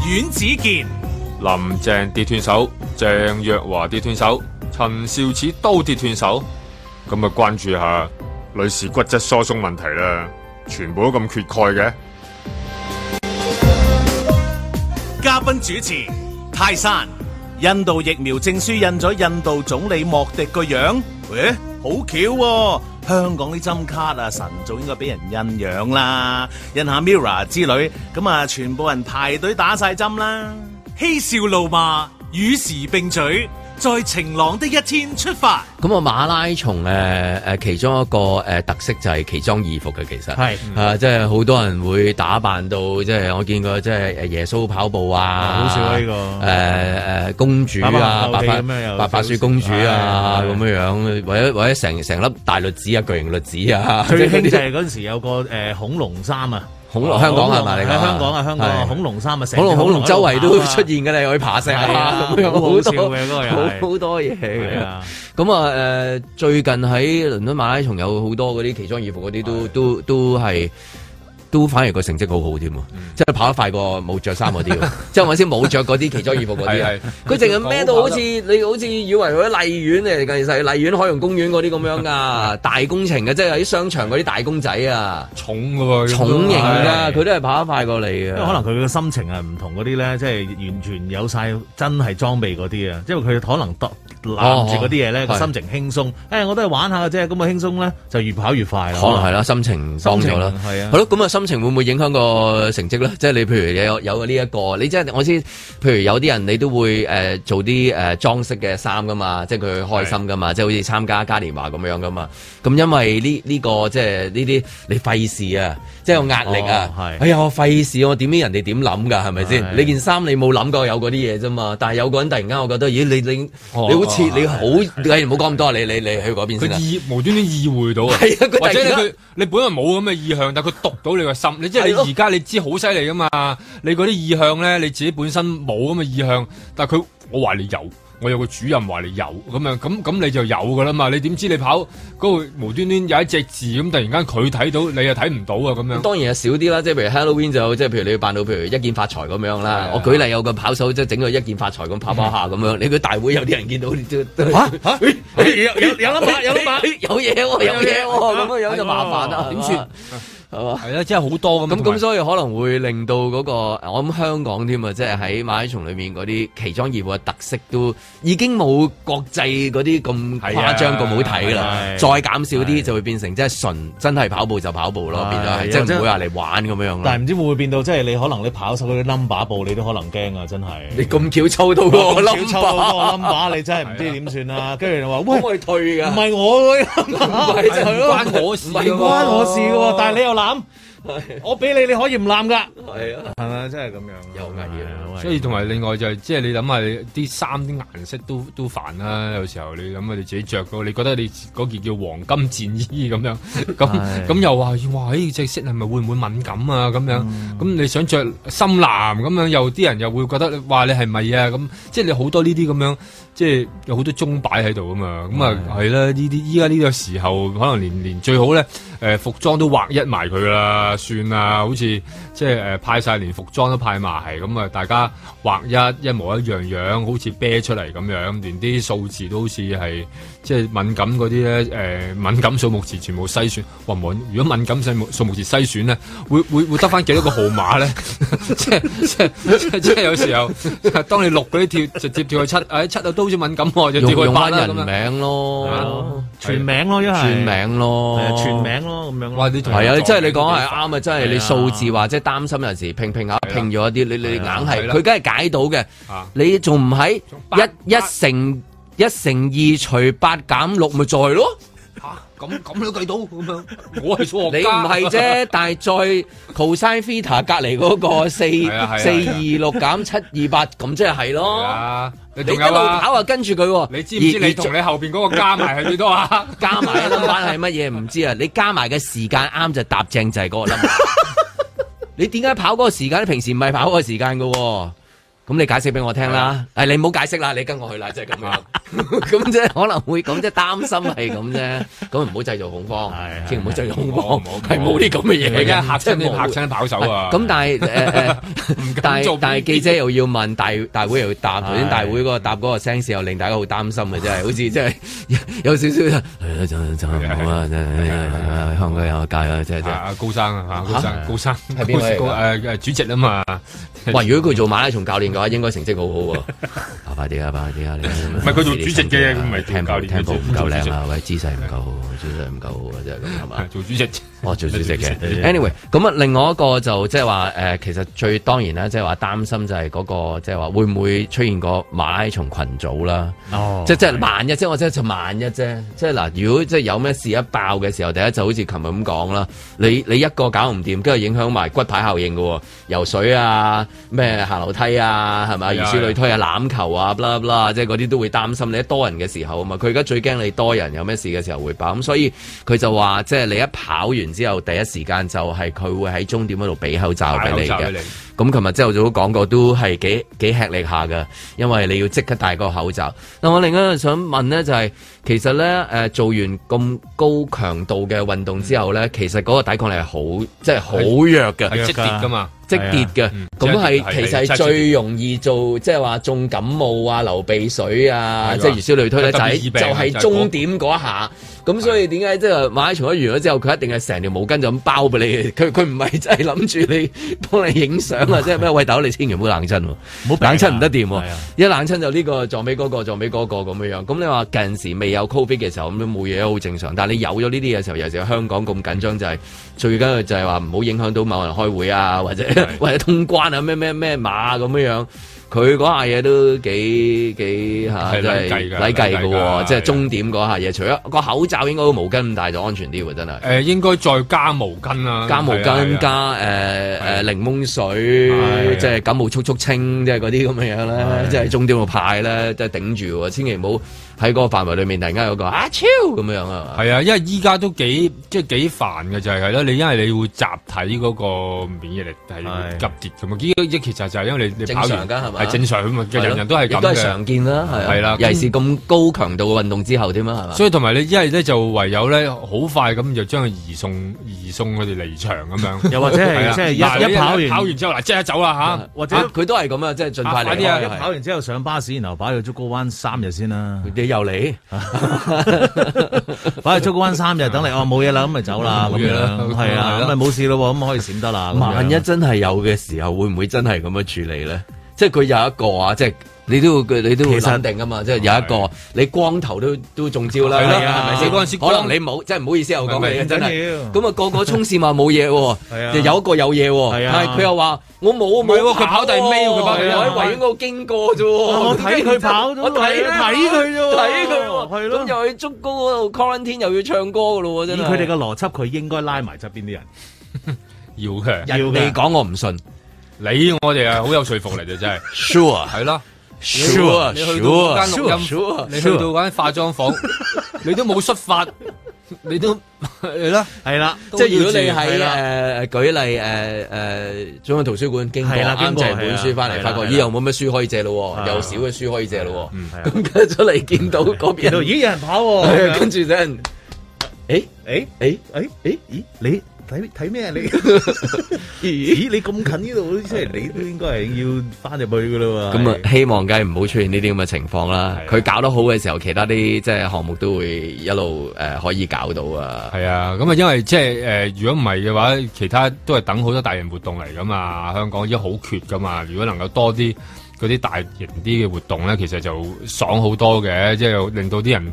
阮子健、林鄭跌斷手，鄭若驊跌斷手，陳肇始都跌斷手，咁咪關注下。女士骨質疏鬆問題啦，全部都咁缺鈣嘅。嘉賓主持泰山，印度疫苗證書印咗印度總理莫迪個樣，喂、欸，好巧喎！香港啲針卡啊，神早應該俾人印樣啦，印下 MIRROR 之旅咁啊，全部人排隊打晒針啦，嬉笑怒罵與時並舉。在晴朗的一天出發。咁啊，馬拉松咧，誒、呃，其中一個誒、呃、特色就係奇裝異服嘅，其實係啊，即係好多人會打扮到，即、就、係、是、我見過，即係誒耶穌跑步啊，好少呢、這個，誒、呃、誒、呃、公主啊，白發白發雪公主啊，咁樣、啊、樣，或者或者成成粒大栗子啊，巨型栗子啊，最興就係、是、嗰時候有個誒、呃、恐龍衫啊。恐龍、啊、香港係咪？你講香港啊，香港恐龍三啊，恐龍、啊、恐龍周圍都會出現嘅，你去爬石啊，咁樣好多好多嘢咁啊，誒、啊啊啊那個啊啊呃，最近喺倫敦馬拉松有好多嗰啲奇裝異服嗰啲、啊，都都都係。都反而個成績好好添喎，即係跑得快過冇着衫嗰啲， *laughs* 即係我先冇着嗰啲奇裝異服嗰啲，佢淨係孭到好似 *laughs* 你好似以為佢喺荔園嚟嘅，其實荔園海洋公園嗰啲咁樣噶大工程嘅，即係喺商場嗰啲大公仔啊，重㗎，重型㗎，佢都係跑得快過你嘅。因為可能佢個心情係唔同嗰啲咧，即係完全有晒真係裝備嗰啲啊，即係佢可能得。攬住嗰啲嘢咧，個、哦、心情輕鬆。誒、欸，我都係玩下嘅啫，咁、那、啊、個、輕鬆咧，就越跑越快啦。可能係啦、啊，心情爽咗啦。係啊。係咯，咁啊心情會唔會影響個成績咧、嗯？即係你譬如有有呢、這、一個，你即係我知，譬如有啲人，你都會誒、呃、做啲誒、呃、裝飾嘅衫噶嘛，即係佢開心噶嘛，即係好似參加嘉年華咁樣噶嘛。咁因為呢呢、這個即係呢啲你費事啊，即係有壓力啊。係、哦。哎呀，我費事我點知人哋點諗㗎？係咪先？你件衫你冇諗過有嗰啲嘢啫嘛。但係有個人突然間我覺得，咦？你你，你、哦你你好，哎，唔好講咁多你你你去嗰邊先啦，佢意無端端意會到啊，係或者你佢你本來冇咁嘅意向，但係佢讀到你個心，你即係你而家你知好犀利噶嘛？你嗰啲意向咧，你自己本身冇咁嘅意向，但係佢我話你有。我有個主任話你有咁樣，咁咁你就有㗎喇嘛？你點知你跑嗰個無端端有一隻字咁，突然間佢睇到你又睇唔到啊？咁樣當然係少啲啦。即係譬如 Halloween 就即係譬如你要扮到譬如一件發財咁樣啦。啊、我舉例有個跑手即係整個一件發財咁跑跑下咁樣，你個大會有啲人見到、啊 *laughs* *laughs* 有，有有得有得有嘢喎有嘢喎，咁、 *laughs* 啊啊啊啊、樣就麻煩啦、啊，點算、啊？ *laughs* 係啊，真係好多咁。咁咁，所以可能會令到嗰個我諗香港添啊，即係喺馬拉松裏面嗰啲奇裝異服嘅特色都已經冇國際嗰啲咁誇張咁好睇啦。再減少啲就會變成即係純真係跑步就跑步咯，變咗係即係唔會話嚟玩咁樣啦。但係唔知會唔會變到即係你可能你跑曬嗰啲 number 步你都可能驚啊！真係你咁巧抽到個 number， *laughs* 你真係唔知點算啦。跟住你話點解退㗎？唔係我㗎，唔係就唔關我事，唔關我事嘅喎。但係你又。 *laughs* 我俾你，你可以唔冧噶，係啊，係 *laughs* 咪、啊？真係咁樣，有危，險、啊、危險，所以同埋另外就係、是、即、就、係、是、你諗下你啲衫、啲顏色都都煩啦、啊，有時候你諗下你自己着嗰，你覺得你嗰件叫黃金戰衣咁樣，咁咁、啊、又話話誒，隻色係咪會唔會敏感啊？咁樣，咁、嗯、你想着深藍咁樣，又啲人又會覺得話你係咪啊？咁，即係你好多呢啲咁樣。就是即係有好多鐘擺喺度啊嘛，咁啊係啦，呢啲依家呢個時候可能年年最好咧，誒服裝都劃一埋佢啦，算啦，好似。即係、呃、派晒連服裝都派埋，咁啊大家劃一一模一樣樣，好似啤出嚟咁樣，連啲數字都好似係即係敏感嗰啲咧敏感數目字全部篩選。哇冇！如果敏感數目數目字篩選咧，會會會得翻幾多個號碼咧？ *laughs* *laughs* 即係 *laughs* 即係即係有時候，當你錄嗰啲跳直接跳去七，哎七都好似敏感喎，就跳去班人名咯、哦啊就係，全名咯，全名咯，全名咯，咁、啊、樣。係啊，即係你講係啱啊！即係、啊、你數字、啊、或者。擔心有陣時拼拼下拼咗一啲，你你硬係佢梗係解到嘅。你仲唔喺一一乘一乘二除八減六咪再咯？吓咁咁都計到咁樣，我係數學家。你唔係啫，但係再 cos theta 隔籬嗰個四四二六減七二八，咁即係係咯。你仲有啦？跑啊跟住佢。你知唔知你同你後邊嗰個加埋係幾多啊？加埋一粒粒係乜嘢？唔知啊！你加埋嘅時間啱就答正就係嗰個粒。你點解跑嗰個時間？你平時唔係跑嗰個時間嘅喎，咁你解釋俾我聽啦。 *laughs* 你唔好解釋啦，你跟我去啦，即係咁樣。 *laughs* 咁即係可能會咁即係擔心係咁啫，咁唔好製造恐慌，唔好製造恐慌，係冇啲咁嘅嘢嘅，嚇親你嚇親跑手啊！咁但係、呃、但係做但係記者又要問大大會又要答頭先大會嗰個答嗰個聲時又令大家好擔心嘅，真係、哎、好似即係有少少。就就咁啊！真係香港有個啊，嘅即係阿高生啊，高生高生係邊位？誒主席啊嘛。喂、嗯，如果佢做馬拉松教練嘅話，應該成績好好喎。快啲啊！快啲啊！唔、哎主席嘅唔係聽到，聽唔到唔夠靚啊，或者姿勢唔夠好，姿勢唔夠好啊，即係咁係嘛？做主席。我、哦、做主席嘅。anyway，咁啊，另外一個就即係話誒其實最當然啦，即係話擔心就係嗰個即係話會唔會出現個馬拉松群組啦。哦，即即係萬一，即我即係就萬一啫。即、就、嗱、是，如果即係有咩事一爆嘅時候，第一就好似琴日咁講啦，你你一個搞唔掂，跟住影響埋骨牌效應嘅喎，游水啊，咩行樓梯啊，係咪，如此類推啊，籃球啊，卜啦卜啦，即係嗰啲都會擔心你一多人嘅時候啊嘛。佢而家最驚你多人有咩事嘅時候會爆，咁所以佢就話即係你一跑完。然之後第一時間就係佢會喺終點嗰度俾口罩俾你嘅。咁，琴日朝頭早講過都係幾幾吃力下嘅，因為你要即刻戴個口罩。嗱，我另外想問呢就係、是、其實呢誒、呃，做完咁高強度嘅運動之後呢，其實嗰個抵抗力係好、就是，即係好弱嘅，即、嗯、跌噶嘛，即跌嘅。咁係其實係最容易做，即係話重感冒啊、流鼻水啊，即係如此類推咧、啊，就係、是、終點嗰下。就是那個咁所以點解即係馬仔除咗完咗之後，佢一定係成條毛巾就咁包俾你？佢佢唔係真係諗住你幫你影相啊？即係咩？喂，大 *laughs* 佬你千祈唔好冷親喎，唔好、啊、冷親唔得掂喎，一冷親就呢個撞俾嗰個，撞俾嗰、嗰個咁樣、嗰個、樣。咁你話近時未有 covid 嘅時候咁樣冇嘢都好正常。但係你有咗呢啲嘅時候，尤其係香港咁緊張， *laughs* 就係最緊要就係話唔好影響到某人開會啊，或者 *laughs* 或者通關啊，咩咩咩馬咁樣樣。佢嗰下嘢都幾幾吓，真係抵計噶，即係終點嗰下嘢。除咗個口罩，應該都毛巾咁大就安全啲喎，真係。誒、呃，應該再加毛巾啦、啊，加毛巾加誒誒檸檬水，即係、就是、感冒速速清，即係嗰啲咁嘅樣咧，即係終點個派咧，即係頂住，千祈唔好。喺個範圍裡面突然間有個阿超咁樣啊，係啊，因為依家都幾即係幾煩嘅就係係咯，你因為你會集體嗰個免疫力突然急跌，同埋依啲其實就係因為你你跑完係正常係正常嘅，係啊，人人都係咁都係常見啦，係啦，尤其是咁高強度嘅運動之後添啊，係，所以同埋你一係咧就唯有咧好快咁就將佢移送移送佢哋離場咁樣，又或者係即係一跑完跑完之後嗱即係走啦嚇、啊，或者佢都係咁啊，樣即係盡快嚟啊！快啲啊！啊啊一跑完之後上巴士，然後擺去竹篙灣三日先啦、啊。又嚟，反正出關三日等你。哦冇嘢啦，咁咪走啦，咁樣係啊，咁咪冇事咯，咁、咪、可以閃得啦。萬一真係有嘅時候，會唔會真係咁樣處理咧？ *laughs* 即係佢有一個啊，即係。你都會你都會諗定噶嘛？即係有一個、啊，你光頭都都中招啦。係啊是是，可能你冇，即係唔好意思啊，我講嘅真係。咁啊，個個衝線嘛冇嘢喎，又有一個有嘢喎。係啊，佢又話我冇啊，喎，佢、啊、跑第二尾喎，佢、啊、跑喺維園嗰度經過啫喎、啊。 *laughs* 我睇佢跑， *laughs* 我睇佢啫喎，睇 *laughs* 佢他、啊。係咁又去足高嗰 quarantine 又要唱歌噶咯喎，佢哋嘅邏輯，佢應該拉埋側邊啲人。 *laughs* 要強，要你講我唔信，你我哋啊好有說服力嘅真係。Sure，係咯。少啊，少啊，少你去到嗰間你化妝房，你都冇出發， *laughs* *laughs* 你都係啦，係 *laughs* 啦，即係如果你係誒，了 uh, uh, 舉例誒誒，uh, uh, 中央圖書館經過啱借，就是，本書翻嚟，發覺咦又冇乜書可以借咯，又少嘅書可以借咯，咁咗嚟見到嗰邊已經有人跑了，跟住啲人誒誒誒誒誒咦你。睇睇咩你 *laughs* 咦？你咁近呢度，即 *laughs* 係你都應該係要翻入去噶喇喎！咁啊，希望梗係唔好出現呢啲咁嘅情況啦。佢搞得好嘅時候，其他啲即係項目都會一路誒、呃、可以搞到啊。係啊，咁啊，因為即係誒，如果唔係嘅話，其他都係等好多大型活動嚟噶嘛。香港已經好缺噶嘛，如果能夠多啲嗰啲大型啲嘅活動咧，其實就爽好多嘅，即係令到啲人。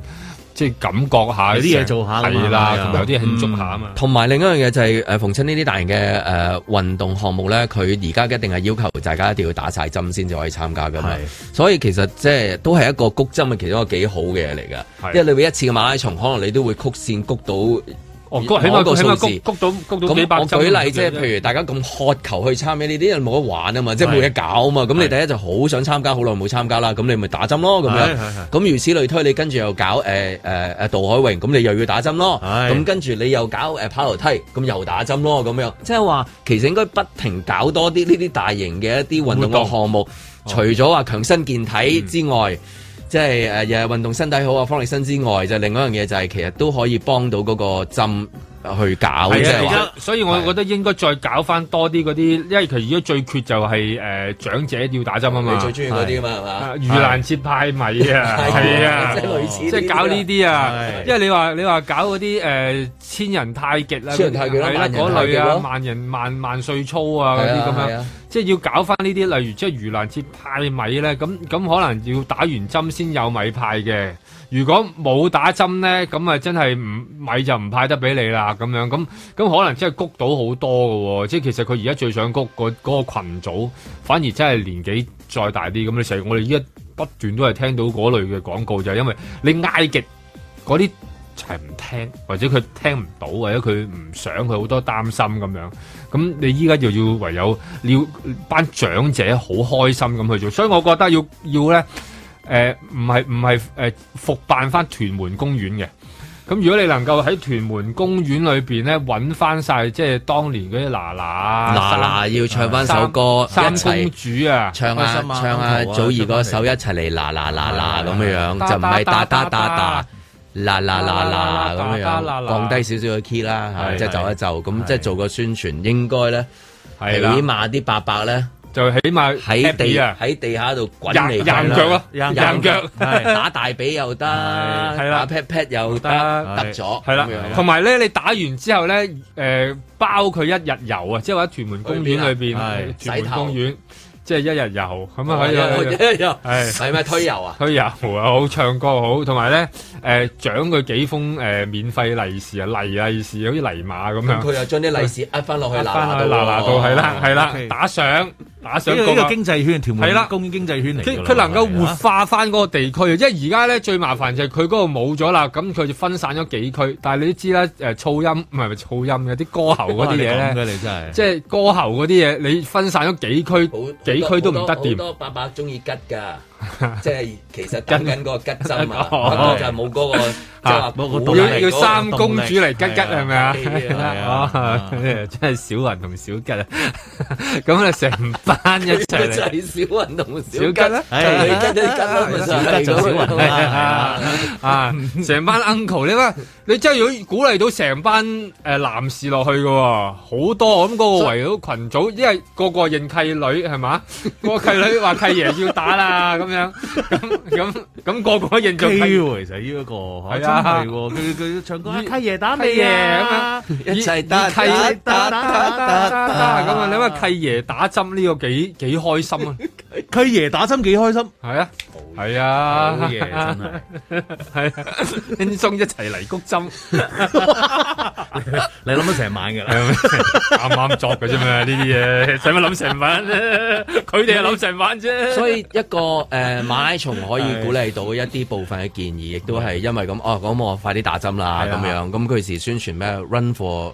即係感覺下，有啲嘢做下啊嘛，係啦，同埋、啊、有啲慶祝下啊、嗯、嘛。同埋另一樣嘢就係、是、誒，逢親呢啲大型嘅誒、呃、運動項目咧，佢而家一定係要求大家一定要打晒針先至可以參加㗎嘛。所以其實即、就、係、是、都係一個谷針其中一個幾好嘅嘢嚟㗎，因為你每一次嘅馬拉松，可能你都會曲線谷到。哦，起碼起碼谷到谷到幾百針。舉例即係，譬如大家咁渴求去參加呢啲，啲人冇得玩啊嘛，即係冇嘢搞啊嘛。咁、即係、你第一就好想參加，好耐冇參加啦。咁你咪打針咯，咁樣。咁如此類推，你跟住又搞誒誒、呃呃、渡海泳，咁你又要打針咯。咁跟住你又搞誒爬樓梯，咁又打針咯，咁樣。即係話其實應該不停搞多啲呢啲大型嘅一啲運動項目，除咗話強身健體之外。嗯即係誒，日日運動身體好啊，方力申之外，就係、另外一樣嘢就係，其實都可以幫到嗰個針。去搞，啊，所以我覺得應該再搞翻多啲嗰啲。因為其實如果最缺就係、是、誒、呃、長者要打針啊嘛。你最中意嗰啲啊嘛，係嘛，啊啊啊？盂蘭節派米啊，係 *laughs* 啊，啊，即係類似，啊，即係搞呢啲啊，啊。因為你話你話搞嗰啲誒千人太極啦，啊，係啦嗰類啊、萬人、啊、萬人、啊、萬歲粗啊嗰啲咁樣，是啊、即係要搞翻呢啲，例如即係盂蘭節派米咧，咁咁可能要打完針先有米派嘅。如果冇打針咧，咁啊真係唔米就唔派得俾你啦。咁樣咁咁，可能真係谷到好多喎。即係其實佢而家最想谷個嗰個群組，反而真係年紀再大啲。咁你成日我哋依家不斷都係聽到嗰類嘅廣告就係，因為你挨極嗰啲就係唔聽，或者佢聽唔到，或者佢唔想，佢好多擔心咁樣。咁你依家就要唯有要班長者好開心咁去做，所以我覺得要要咧。誒唔係唔係誒復辦翻屯門公園嘅，咁如果你能夠喺屯門公園裏邊咧揾翻晒，即係當年嗰啲嗱嗱啊，嗱、啊、要唱翻首歌，三三公主齊、啊、唱一啊唱一啊，啊祖兒嗰首一齊嚟嗱嗱嗱嗱咁樣樣，啊、就唔係嗒嗒嗒嗒嗱嗱嗱嗱咁樣樣，降低少少嘅 key 啦，即係就是、走一走就咁，即係做個宣傳應該咧，係起碼啲伯伯咧。就起碼喺地啊，喺地下度滾嚟滾啦，人腳咯，人腳，打大髀又得，打 pat pat 又得，得咗，係啦。同埋咧，你打完之後咧，誒包佢一日遊啊，即係話屯門公園裏邊，屯門公園。即係一日遊咁啊，可以一日遊，係、哦、咪、嗯嗯嗯嗯嗯、推遊啊？推遊好唱歌好，同埋咧誒獎佢幾封誒、呃、免費利是啊利利是，好似泥馬咁樣。佢又將啲利是壓翻落去嗱嗱度，係啦係啦，打賞打賞。呢個經濟圈條，係啦，公經濟圈嚟。佢能夠活化翻嗰個地區，因為而家咧最麻煩就係佢嗰個冇咗啦，咁佢就分散咗幾區。但係你都知啦，誒噪音唔係咪噪音嘅啲歌喉嗰啲嘢咧？即係歌喉嗰啲嘢，你分散咗幾區幾？區都唔得掂。 *laughs* 即係其實跟緊嗰個吉針啊吉，不過冇、嗰個 *laughs* 啊、就冇嗰個，即係要三公主嚟吉吉係咪啊？真係小雲同小吉啊！咁你成班一齊就係小雲同小吉啦。係啦，吉吉吉小雲啊，成、啊就是啊 *laughs* 啊啊 *laughs* 啊、班 uncle 你嘛，你真係要鼓勵到成班誒男士落去噶，好多咁嗰 *laughs* 個圍到群組，因為個個，個認契女係嘛，係 *laughs* 嗰個契女話契爺要打啦 *laughs* *laughs* 咁樣咁咁咁個個印象都喎，其實呢一個吓真係喎，佢佢唱歌契爺打你啊，一齊打契打打打打咁啊！你話契爺打針呢個幾幾開心啊？契爺打針幾開心？係啊，係啊，好嘢真係，係輕鬆一齊嚟谷針，你諗到成晚嘅啦，啱啱作嘅啫嘛？呢啲嘢使乜諗成晚咧？佢哋係諗成晚啫，所以一個誒。誒、嗯、馬拉松可以鼓勵到一啲部分嘅建議，亦都係因為咁哦，咁、啊、我快啲打針啦咁樣，咁佢時宣傳咩 run for？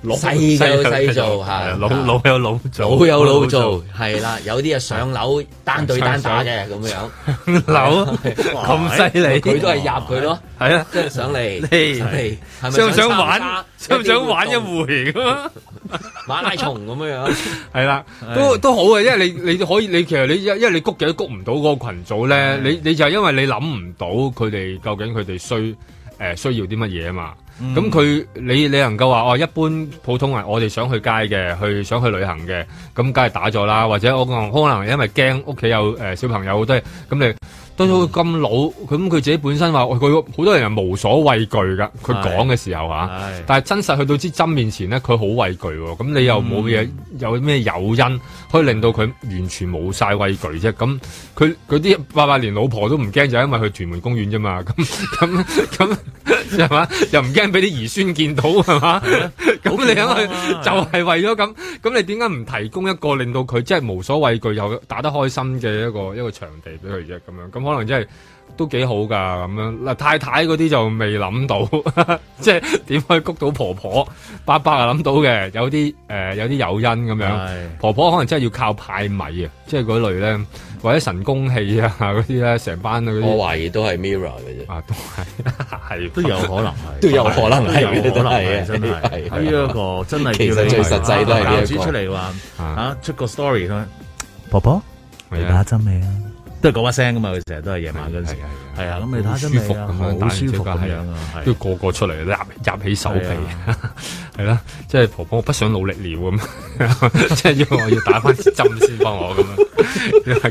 細有細做，係老老有老做，老有老做，係啦。有啲啊上樓單對單打嘅咁樣，樓咁犀利，佢都係入佢咯，係啊，即係上嚟嚟嚟，想唔想玩？想唔想玩一回咁啊？馬拉松咁樣，係啦，都都好啊，因為你你可以，你其實你一因為你谷極都谷唔到嗰個群組咧，你你就因為你諗唔到佢哋究竟佢哋需誒需要啲乜嘢啊嘛。咁、嗯、佢你你能夠話哦？一般普通人我哋想去街嘅，去想去旅行嘅，咁梗係打咗啦。或者我可能因為驚屋企有、呃、小朋友都係咁你。對佢咁老，咁佢自己本身話，佢好多人係無所畏懼噶，佢講嘅時候吓，但係真實去到支針面前咧，佢好畏懼喎。咁你又冇嘢、嗯，有咩誘因可以令到佢完全冇晒畏懼啫？咁佢啲八八年老婆都唔驚，就因為去屯門公園啫嘛。咁咁咁係嘛？又唔驚俾啲兒孫見到係嘛？咁 *laughs* 你咁去就係為咗咁？咁你點解唔提供一個令到佢即係無所畏懼又打得開心嘅一個一個場地俾佢啫？咁樣咁。可能真、就、係、是、都幾好噶咁樣嗱，太太嗰啲就未諗到，呵呵即係點可以谷到婆婆？伯伯啊諗到嘅，有啲誒、呃、有啲誘因咁樣。婆婆可能真係要靠派米啊，即係嗰類咧，或者神功戲啊嗰啲咧，成班都啲。我懷疑都係 Mirror 嘅啫，都係係都有可能係，都有可能係，真係呢一個真係。其實最實際都係、這個啊、出嚟話吓出個 story 啦，婆婆你打針未啊？都係講一聲噶嘛，佢成日都係夜晚嗰陣時候，係啊咁、嗯啊、你睇下舒服咁樣，好、啊、舒服咁樣啊，啊，啊，都要個個出嚟，起手臂，係啦、啊，即 *laughs* 係、啊就是、婆婆我不想努力了咁，即係要我要打翻針先幫我咁啊，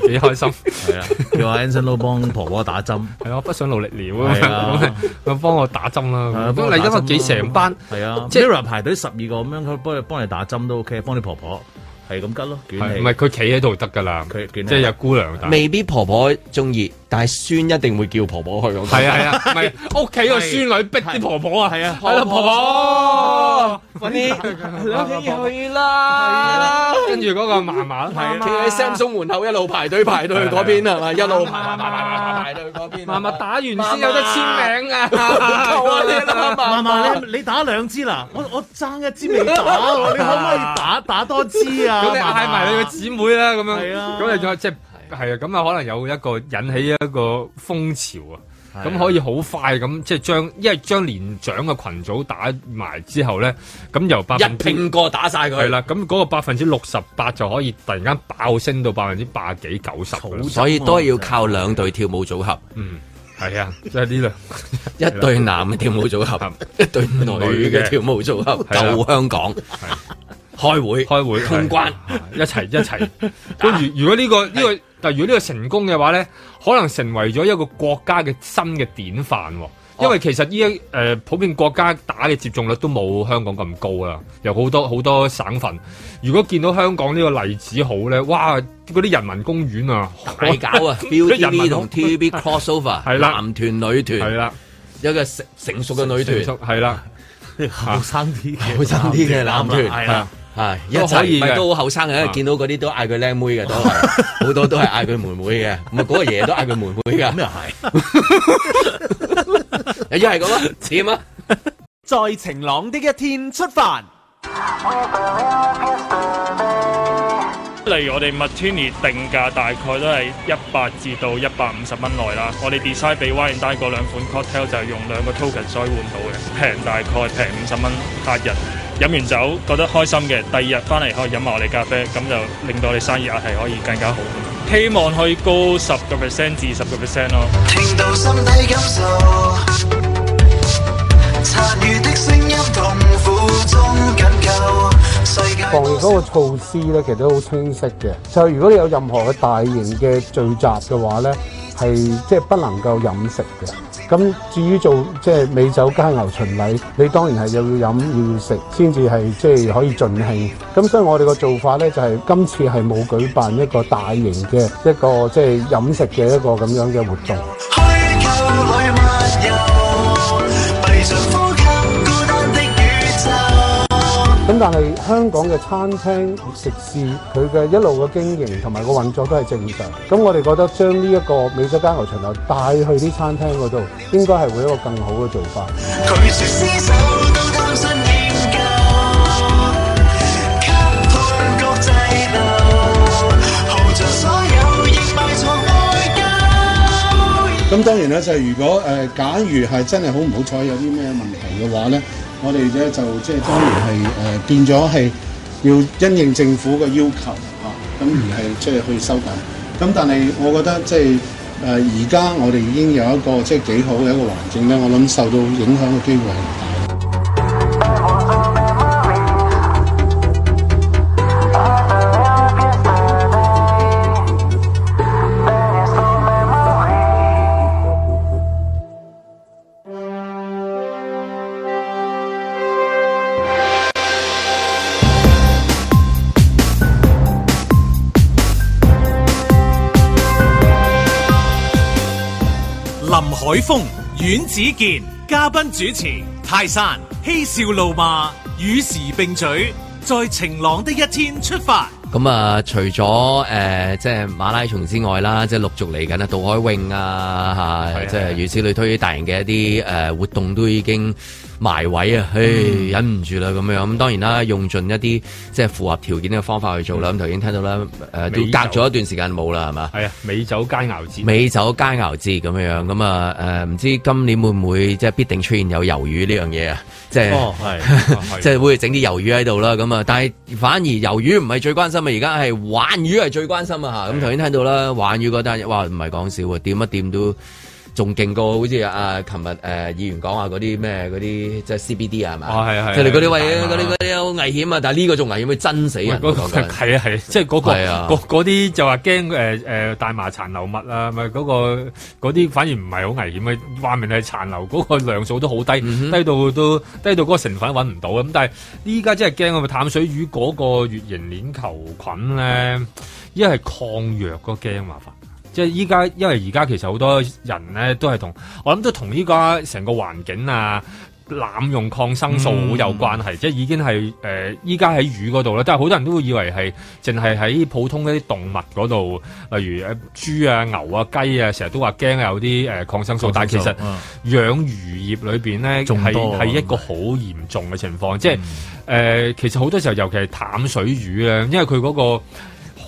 幾 *laughs* 開心，係啊，佢話 Anson Lo 都幫婆婆打針，係 *laughs* 啊，不想努力了，咁幫、啊、我打針啦，咁你因為幾成班，係啊，即係、啊、排隊十二個咁樣，佢幫你幫你打針都 OK，幫你婆婆。係咁吉咯，捲起。唔係佢企喺度得噶啦，即係、就是、有姑娘。未必婆婆鍾意。但係孫一定會叫婆婆去，係啊係啊，咪屋企個孫女逼啲婆婆啊，係啊，係咯婆婆，快啲，跟住去啦，跟住嗰個嫲嫲，企喺 Samsung 門口一路排隊排到去嗰邊係咪？一路排排排排排排到去嗰邊，嫲嫲打完先有得簽名啊！嫲嫲你你打兩支啦，我我爭一支未打，你可唔可以打打多支啊？咁你嗌埋你嘅姊妹啦，咁樣，咁你再即係。係啊，咁啊可能有一個引起一個風潮啊，咁可以好快咁即係將，因為將年長嘅群組打埋之後咧，咁由百分一拼過打晒佢，係啦、啊，咁、那、嗰個百分之六十八就可以突然間爆升到百分之百幾九十、啊。所以都要靠兩隊跳舞組合，是啊是啊、嗯，係啊，即係呢兩一對男嘅跳舞組合，啊、一對女嘅跳舞組合，夠、啊、香港、啊啊、開會開會通關，啊、一齊一齊。跟住 *laughs* 如、啊、如果呢個呢個。但係如果呢個成功嘅話咧，可能成為咗一個國家嘅新嘅典範，因為其實依一誒、呃、普遍國家打嘅接種率都冇香港咁高啊，有好多好多省份。如果見到香港呢個例子好咧，哇！嗰啲人民公園啊，大搞啊，BTV *laughs* 同和 TVB crossover，係啦，男團女團，係啦，一個成熟嘅女團，係啦，後生啲嘅後生啲嘅男團，係啦。係，都可以嘅，都好後生嘅。見到嗰啲都嗌佢靚妹嘅，都好多都係嗌佢妹妹嘅。唔係嗰個爺爺都嗌佢妹妹㗎。咁又係，一係咁啊，黐孖。在晴朗的一天出發。例如我哋 Martini 定價大概都係一百至到一百五十蚊內啦。我哋 design 俾 wine 帶嗰兩款 cocktail 就係用兩個 token 再換到嘅，平大概平五十蚊客人。飲完酒覺得開心嘅，第二日翻嚟可以飲埋我哋咖啡，咁就令到你生意額係可以更加好。希望可以高十個 percent 至十個 percent 咯。聽到心底感受，殘餘的聲音，痛苦中緊扣。世界防疫嗰個措施咧，其實都好清晰嘅。就係如果你有任何嘅大型嘅聚集嘅話咧，係即係不能夠飲食嘅。咁至於做即係美酒佳餚巡禮，你當然係又要飲要食，先至係即係可以盡興。咁所以我哋個做法咧，就係今次係冇舉辦一個大型嘅一個即係飲食嘅一個咁樣嘅活動。去咁但係香港嘅餐廳食肆，佢嘅一路嘅經營同埋個運作都係正常。咁我哋覺得將呢一個美酒佳餚巡遊帶去啲餐廳嗰度，應該係會一個更好嘅做法。咁當然咧，就係如果、呃、假如係真係好唔好彩有啲咩問題嘅話咧。我哋咧就即係當然係誒變咗係要因應政府嘅要求啊，咁而係即係去收緊。咁但係我覺得即係誒而家我哋已經有一個即係幾好嘅一個環境咧，我諗受到影響嘅機會係唔大。海風阮子健、嘉賓主持泰山，嬉笑怒罵與時並舉，在晴朗的一天出發。咁、嗯、啊、呃，除咗誒，即、呃、係、就是、馬拉松之外啦，即係陸續嚟緊啦，渡海泳啊，吓、啊啊，即係如此類推，大型嘅一啲誒、呃、活動都已經。埋位啊，忍唔住啦咁樣，咁當然啦，用盡一啲即係符合條件嘅方法去做啦。咁頭先聽到啦，誒、呃、都隔咗一段時間冇啦，係嘛？係啊，美酒佳肴節，美酒佳肴節咁樣，咁啊誒，唔、呃、知今年會唔會即係必定出現有魷魚呢樣嘢啊？即係、哦、 *laughs* 即係會整啲魷魚喺度啦，咁啊，但係反而魷魚唔係最關心啊，而家係鯇魚係最關心啊嚇。咁頭先聽到啦，鯇魚嗰單，哇，唔係講笑喎，掂一掂都～仲勁過好似阿琴日誒議員講話嗰啲咩嗰啲即係 CBD 啊嘛，即係嗰啲話嗰啲嗰啲好危險啊！但係呢個仲危險，會真死人。係啊係，即係嗰、嗰個嗰啲、啊、就話驚、呃呃、大麻殘留物啊，咪、嗰、嗰個嗰啲反而唔係好危險啊，話明係殘留嗰個量數都好低，嗯低都，低到都低到嗰個成分揾唔到啊！咁但係依家真係驚啊！淡水魚嗰個月形鏈球菌咧，一係抗藥個驚麻煩。即係依家，因為而家其實好多人咧都係同，我諗都同依家成個環境啊，濫用抗生素好有關係，嗯。即係已經係誒，依家喺魚嗰度啦，但係好多人都會以為係淨係喺普通嗰啲動物嗰度，例如誒豬啊、牛啊、雞啊，成日都話驚有啲誒、呃、抗生素。但係其實養魚業裏邊咧仲係係一個好嚴重嘅情況，嗯，即係誒、呃，其實好多時候，尤其係淡水魚咧，因為佢嗰、嗰個。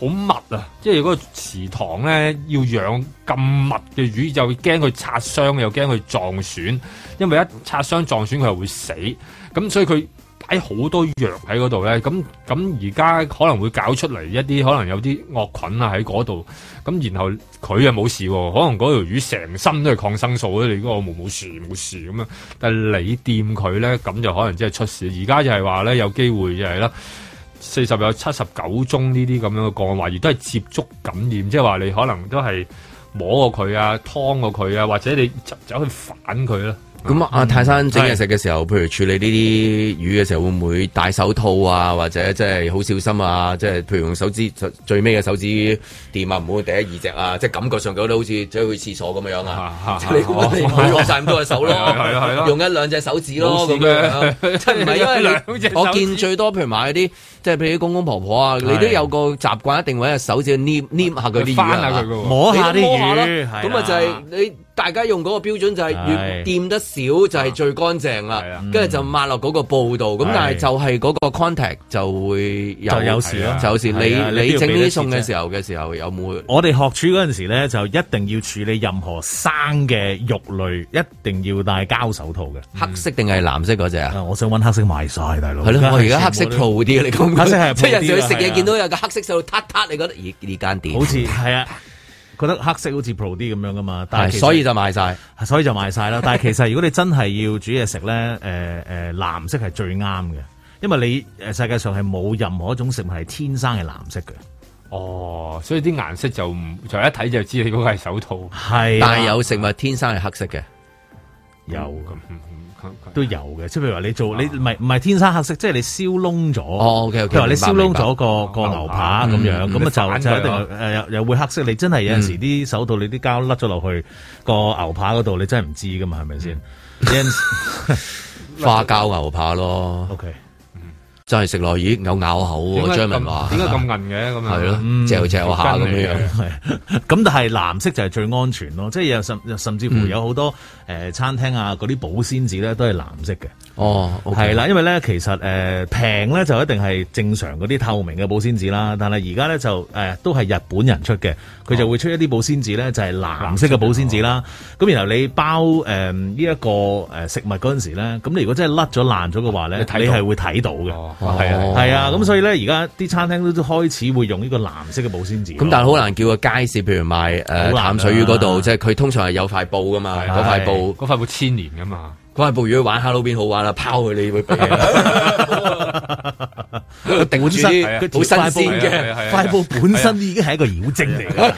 好密啊！即係如果池塘咧，要養咁密嘅魚，就驚佢擦傷，又驚佢撞損。因為一擦傷撞損佢又會死。咁所以佢擺好多藥喺嗰度咧。咁咁而家可能會搞出嚟一啲可能有啲惡菌啊喺嗰度。咁然後佢又冇事，可能嗰條魚成身都係抗生素，你嗰個冇冇事冇事咁樣。但係你掂佢咧，咁就可能即係出事。而家就係話咧，有機會就係啦。四十有七十九宗呢啲咁樣嘅個案懷疑，都係接觸感染，即係話你可能都係摸過佢啊，湯過佢啊，或者你走去反佢啦咁啊，阿泰山整嘢食嘅時候，譬如處理呢啲魚嘅時候，會唔會戴手套啊？或者即係好小心啊？即、就、係、係、譬如用手指手最尾嘅手指掂啊，唔好第一二隻啊，即係感覺上覺都好似走去廁所咁樣啊？啊啊你啊啊你唔用晒咁多手咯，係、啊啊啊啊、用一兩隻手指咯咁、啊、樣。唔、啊、我見最多譬如買啲。即係譬如公公婆，婆婆啊，你都有個習慣，一定會隻手指拈拈下佢，攣下摸下啲魚。咁啊就係、就是、你大家用嗰個標準就係越掂得少就係最乾淨啦。跟住就抹落嗰個布度咁，但係就係嗰個 contact 就會有就有事咯、啊，就有事。你你整啲餸嘅時候嘅時候有冇？我哋學廚嗰陣時咧，就一定要處理任何生嘅肉類，一定要戴膠手套嘅、嗯。黑色定係藍色嗰隻啊？我想揾黑色埋晒大佬，咯，我而家黑色套啲你黑色係即係有時去食嘢，見到有個黑色手套，撻撻，你覺得咦呢間店好似係啊，覺得黑色好似 pro 啲咁樣噶嘛，但係所以就賣晒，所以就賣晒啦。但係其實如果你真係要煮嘢食咧，誒 *laughs* 誒、呃呃、藍色係最啱嘅，因為你誒世界上係冇任何一種食物係天生係藍色嘅。哦，所以啲顏色就唔就一睇就知道你嗰個係手套，係、啊、但係有食物天生係黑色嘅，有、嗯、咁。嗯嗯都有嘅，即係譬如話你做你唔係唔係天生黑色，即係你燒窿咗。譬如話你燒窿咗個個、哦、牛扒咁、啊、樣，咁、嗯、啊就就一定誒又又會黑色。你真係有陣時啲手套你啲膠甩咗落去個牛扒嗰度，你真係唔知噶嘛，係咪先？嗯、 *laughs* 花膠牛扒咯。Okay. 真係食落已經有咬口喎，張文話。點解咁韌嘅咁樣？係咯，嚼嚼下咁樣樣。咁但係藍色就係最安全咯，即係有甚甚至乎有好多誒、嗯呃、餐廳啊嗰啲保鮮紙咧都係藍色嘅。哦，係、okay, 啦，因為咧其實誒平咧就一定係正常嗰啲透明嘅保鮮紙啦。但係而家咧就誒、呃、都係日本人出嘅，佢就會出一啲保鮮紙咧就係、是、藍色嘅保鮮紙啦。咁、哦、然後你包誒呢一個誒、呃、食物嗰陣時咧，咁你如果真係甩咗爛咗嘅話咧，你係會睇到嘅。哦係、哦、啊，係啊，咁、啊、所以咧，而家啲餐廳都都開始會用呢個藍色嘅保鮮紙。咁但係好難叫個街市，譬如賣誒、呃啊、淡水魚嗰度，即係佢通常係有塊布噶嘛，嗰塊布，嗰塊布千年噶嘛。快步魚去玩下路邊好玩啦，拋佢你會俾佢。定 *laughs* 本身好新鮮嘅，快步本身已經係一個妖精嚟㗎，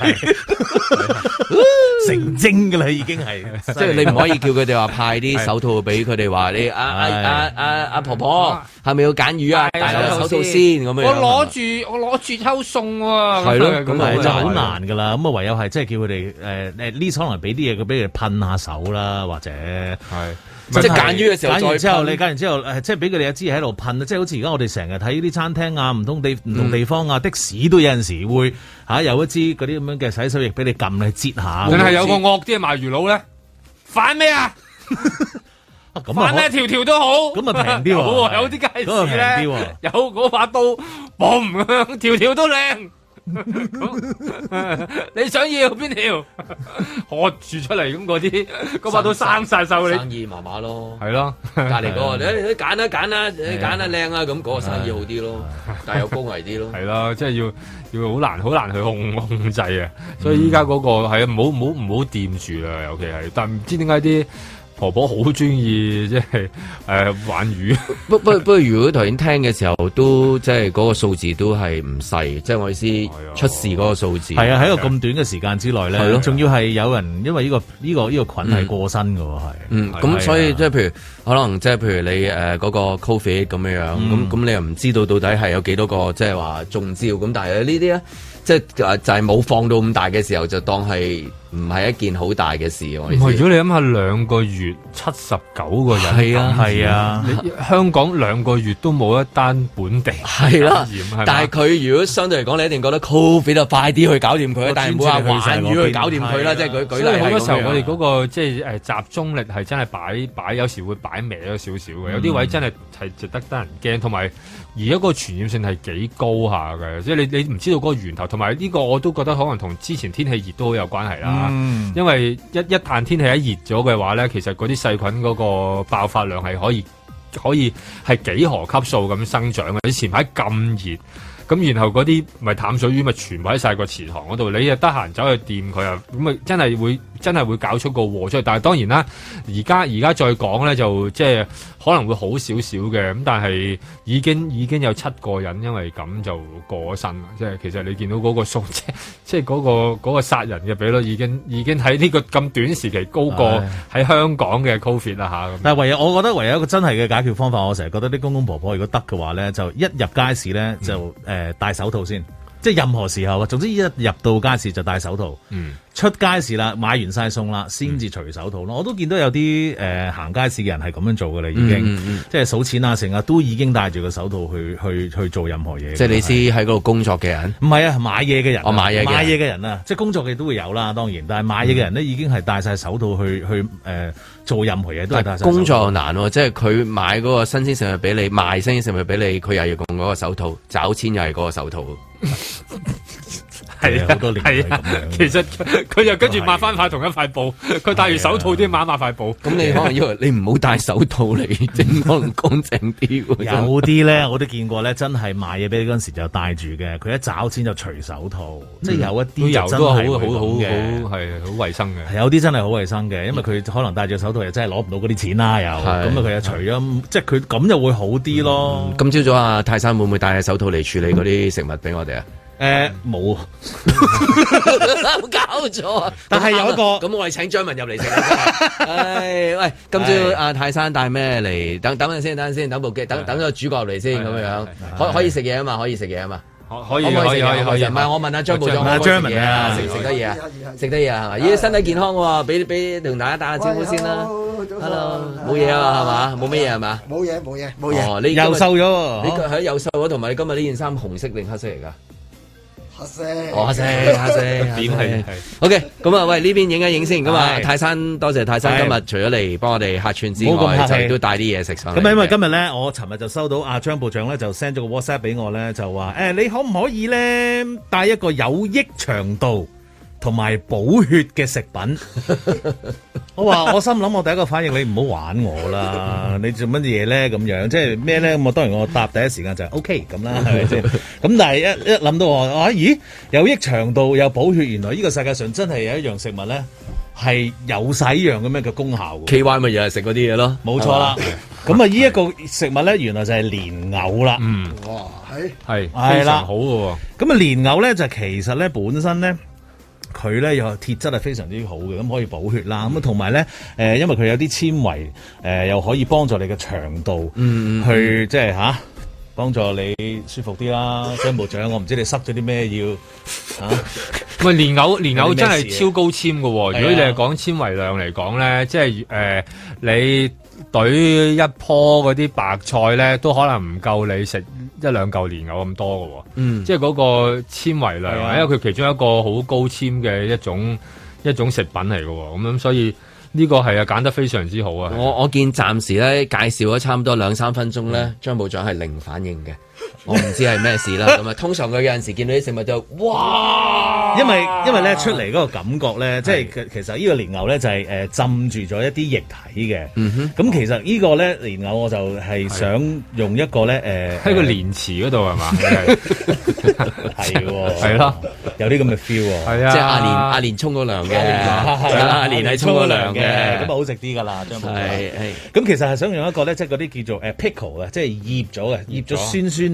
成精㗎啦已經係。 *laughs* 是的 *laughs* 即係你唔可以叫佢哋話派啲手套俾佢哋話你阿啊啊阿、啊啊、婆婆係咪、啊、要揀魚啊？手套先，咁我攞住我攞住抽餸喎。係咯，咁、啊、樣就好難㗎啦。咁啊唯有係即係叫佢哋誒誒呢可能俾啲嘢佢俾佢噴下手啦，或者是即係揀魚嘅時候，揀完之後你揀完之後，誒，即係俾佢哋一支喺度噴啊。即係好似而家我哋成日睇啲餐廳啊，唔同地唔同地方啊，嗯、的士都有陣時會吓有一支嗰啲咁樣嘅洗手液俾你撳嚟，折下。你、嗯、係有個惡啲嘅賣魚佬咧，反咩啊？咁反一條條都好，咁 *laughs* 啊平啲喎，有啲街市咧， *laughs* 啊、 *laughs* 有嗰把刀，冇唔香，條條都靚。 *laughs* 你想要邊條？呵住出嚟咁嗰啲，那些那把刀生晒銹你生意麻麻咯，係咯。隔籬個你你揀啊揀啊，揀得靚啊，咁、啊啊啊嗰個生意好啲咯，是啊、但係又高危啲咯。係啦，即係要要好難好難去控控制啊！所以依家嗰個係啊，唔好唔好唔好掂住啦，尤其係，但唔知點解啲。婆婆好鍾意，即、就、係、是呃、玩魚不。不不不，如果頭先聽嘅時候，都即係嗰、那個數字都係唔細。即係我意思，出事嗰個數字係啊，喺、哎、一個咁短嘅時間之內咧，咯。仲要係有人，因為呢、這個呢、這個呢、這個菌係過身㗎喎，係。嗯，咁、嗯、所以即係譬如，可能即係譬如你誒嗰、呃那個 COVID 咁樣咁咁、嗯、你又唔知道到底係有幾多個即係話中招咁，但係呢啲咧。即係就係、是、冇放到咁大嘅時候，就當係唔係一件好大嘅事。唔係如果你諗下兩個月七十九個人係啊係啊， *laughs* 香港兩個月都冇一單本地係啦、啊，但係佢如果相對嚟講， *laughs* 你一定覺得 COVID 就快啲去搞掂佢，但係唔會話萬語去搞掂佢啦。即係舉舉例。所以好多時候我哋嗰、那個即係誒集中力係真係擺擺，有時會擺歪咗少少嘅。有啲位真係係值得得人驚，同埋。而家個傳染性係幾高下嘅，即係你你唔知道嗰個源頭，同埋呢個我都覺得可能同之前天氣熱都好有關係啦。嗯、因為一一旦天氣一熱咗嘅話咧，其實嗰啲細菌嗰個爆發量係可以可以係幾何級數咁生長嘅。你前排咁熱，咁然後嗰啲咪淡水魚咪全部喺晒個池塘嗰度，你又得閒走去掂佢啊，咁咪真係會。真係會搞出個禍出嚟，但係當然啦，而家而家再講咧，就即係可能會好少少嘅，咁但係已經已經有七個人因為咁就過咗身啦，即係其實你見到嗰個數，即係即係、嗰、嗰個嗰、嗰個殺人嘅比率已經已經喺呢個咁短時期高過喺香港嘅 COVID 啦吓。哎、但係唯，我覺得唯有一個真係嘅解決方法，我成日覺得啲公公婆婆如果得嘅話咧，就一入街市咧就誒、呃、戴手套先，即係任何時候啊，總之一入到街市就戴手套。嗯。出街市啦，買完晒餸啦，先至除手套咯，嗯。我都見到有啲誒行街市嘅人係咁樣做噶啦，已經，嗯嗯、即係數錢啊，成日都已經戴住個手套去去去做任何嘢。即係你知喺嗰度工作嘅人，唔係啊，買嘢嘅人，啊哦、人，我買嘢嘅買嘢嘅人啊，即係工作嘅都會有啦，當然。但係買嘢嘅人呢，嗯、已經係戴晒手套去去誒、呃、做任何嘢，都係戴手套。工作難咯、啊，即係佢買嗰個新鮮食物俾你，賣新鮮食物俾你，佢又要用嗰個手套，找錢又係嗰個手套。 *laughs* 係啊，啊，啊，其實佢又跟住抹翻塊同一塊布，佢、啊、戴住手套啲抹抹塊布。咁、啊、 *laughs* 你可能以為你唔好戴手套嚟，整乾淨啲。有啲咧，我都見過咧，真係買嘢俾你嗰陣時就戴住嘅，佢一找錢就除手套，嗯、即係有一啲真係咁嘅。有都好，好好好係好衛生嘅。有啲真係好衛生嘅，因為佢可能戴住手套又真係攞唔到嗰啲錢啦，又咁啊佢又除咗，即係佢咁就會好啲咯。嗯、今朝早啊，泰山會唔會戴住手套嚟處理嗰啲食物俾我哋啊？ *laughs* 誒、呃，冇， *laughs* 搞錯，但係有一個，咁我哋請張文入嚟食。喂，今朝阿、啊、泰山帶咩嚟？等等陣先，等陣先，等部機，等等個主角嚟先，咁樣可可以食嘢啊嘛，可以食嘢啊嘛，可可以可以可以，唔係我問張我下張文。張文食食得嘢食得嘢啊？咦、啊，身體健康喎，俾俾同大家打下招呼先啦。Hello，冇嘢啊嘛，係嘛？冇乜嘢係嘛？冇、啊、嘢，冇、啊、嘢，冇、啊、嘢。你又瘦咗，你佢喺又瘦咗，同埋你今日呢件衫紅色定黑色嚟噶？我、啊啊啊啊 okay, 先拍拍，我先，變係。O K，咁啊，喂，呢邊影一影先。咁啊，泰山，多謝泰山今日除咗嚟幫我哋客串之外，就都帶啲嘢食上。咁啊，因為今日咧，我尋日就收到阿張部長咧，就 send 咗個 WhatsApp 俾我咧，就話誒，你可唔可以咧帶一個有益長度？同埋補血嘅食品，我話我心諗，我第一個反應，你唔好玩我啦，你做乜嘢咧？咁樣即係咩咧？咁我當然我答第一時間就係 OK 咁啦，係咪先？咁但係一一諗到我話，咦，有益腸道有補血，原來呢個世界上真係有一樣食物咧係有使樣咁樣嘅功效。K Y 咪又係食嗰啲嘢咯，冇錯啦。咁啊呢一個食物咧，原來就係蓮藕啦。嗯，哇，係係係啦，好嘅啊。咁啊蓮藕咧就其實咧本身咧。佢咧又鐵質係非常之好嘅，咁、嗯、可以補血啦。咁啊同埋咧，誒、呃、因為佢有啲纖維，誒、呃、又可以幫助你嘅腸道去即係吓幫助你舒服啲啦。張部長，我唔知你塞咗啲咩要吓？喂，蓮藕，蓮藕真係超高纖㗎喎，哦。如果你係講纖維量嚟講咧，即係誒你。懟一樖嗰啲白菜咧，都可能唔夠你食一兩嚿蓮藕咁多㗎喎。嗯，即係嗰個纖維量，因為佢其中一個好高纖嘅一種一種食品嚟㗎喎。咁樣所以呢個係啊揀得非常之好啊。我我見暫時咧介紹咗差唔多兩三分鐘咧、嗯，張部長係零反應嘅。 *laughs* 我唔知係咩事啦，咁啊，通常佢有陣時見到啲食物就哇，因為因為咧出嚟嗰個感覺咧，即係其實呢個蓮藕咧就係誒浸住咗一啲液體嘅，咁嗯其實呢個咧蓮藕我就係想用一個咧誒喺個蓮池嗰度係嘛，係係咯，有啲咁嘅 feel，即係阿蓮阿蓮沖咗涼嘅，阿蓮係沖咗涼嘅，咁 *laughs* 啊好食啲噶啦，係係，咁其實係想用一個咧，即係嗰啲叫做誒 pickle 啊，即係醃咗嘅，醃咗酸酸。最好嗰啲植物啊，係啦、啊啊，植物冇錯啦，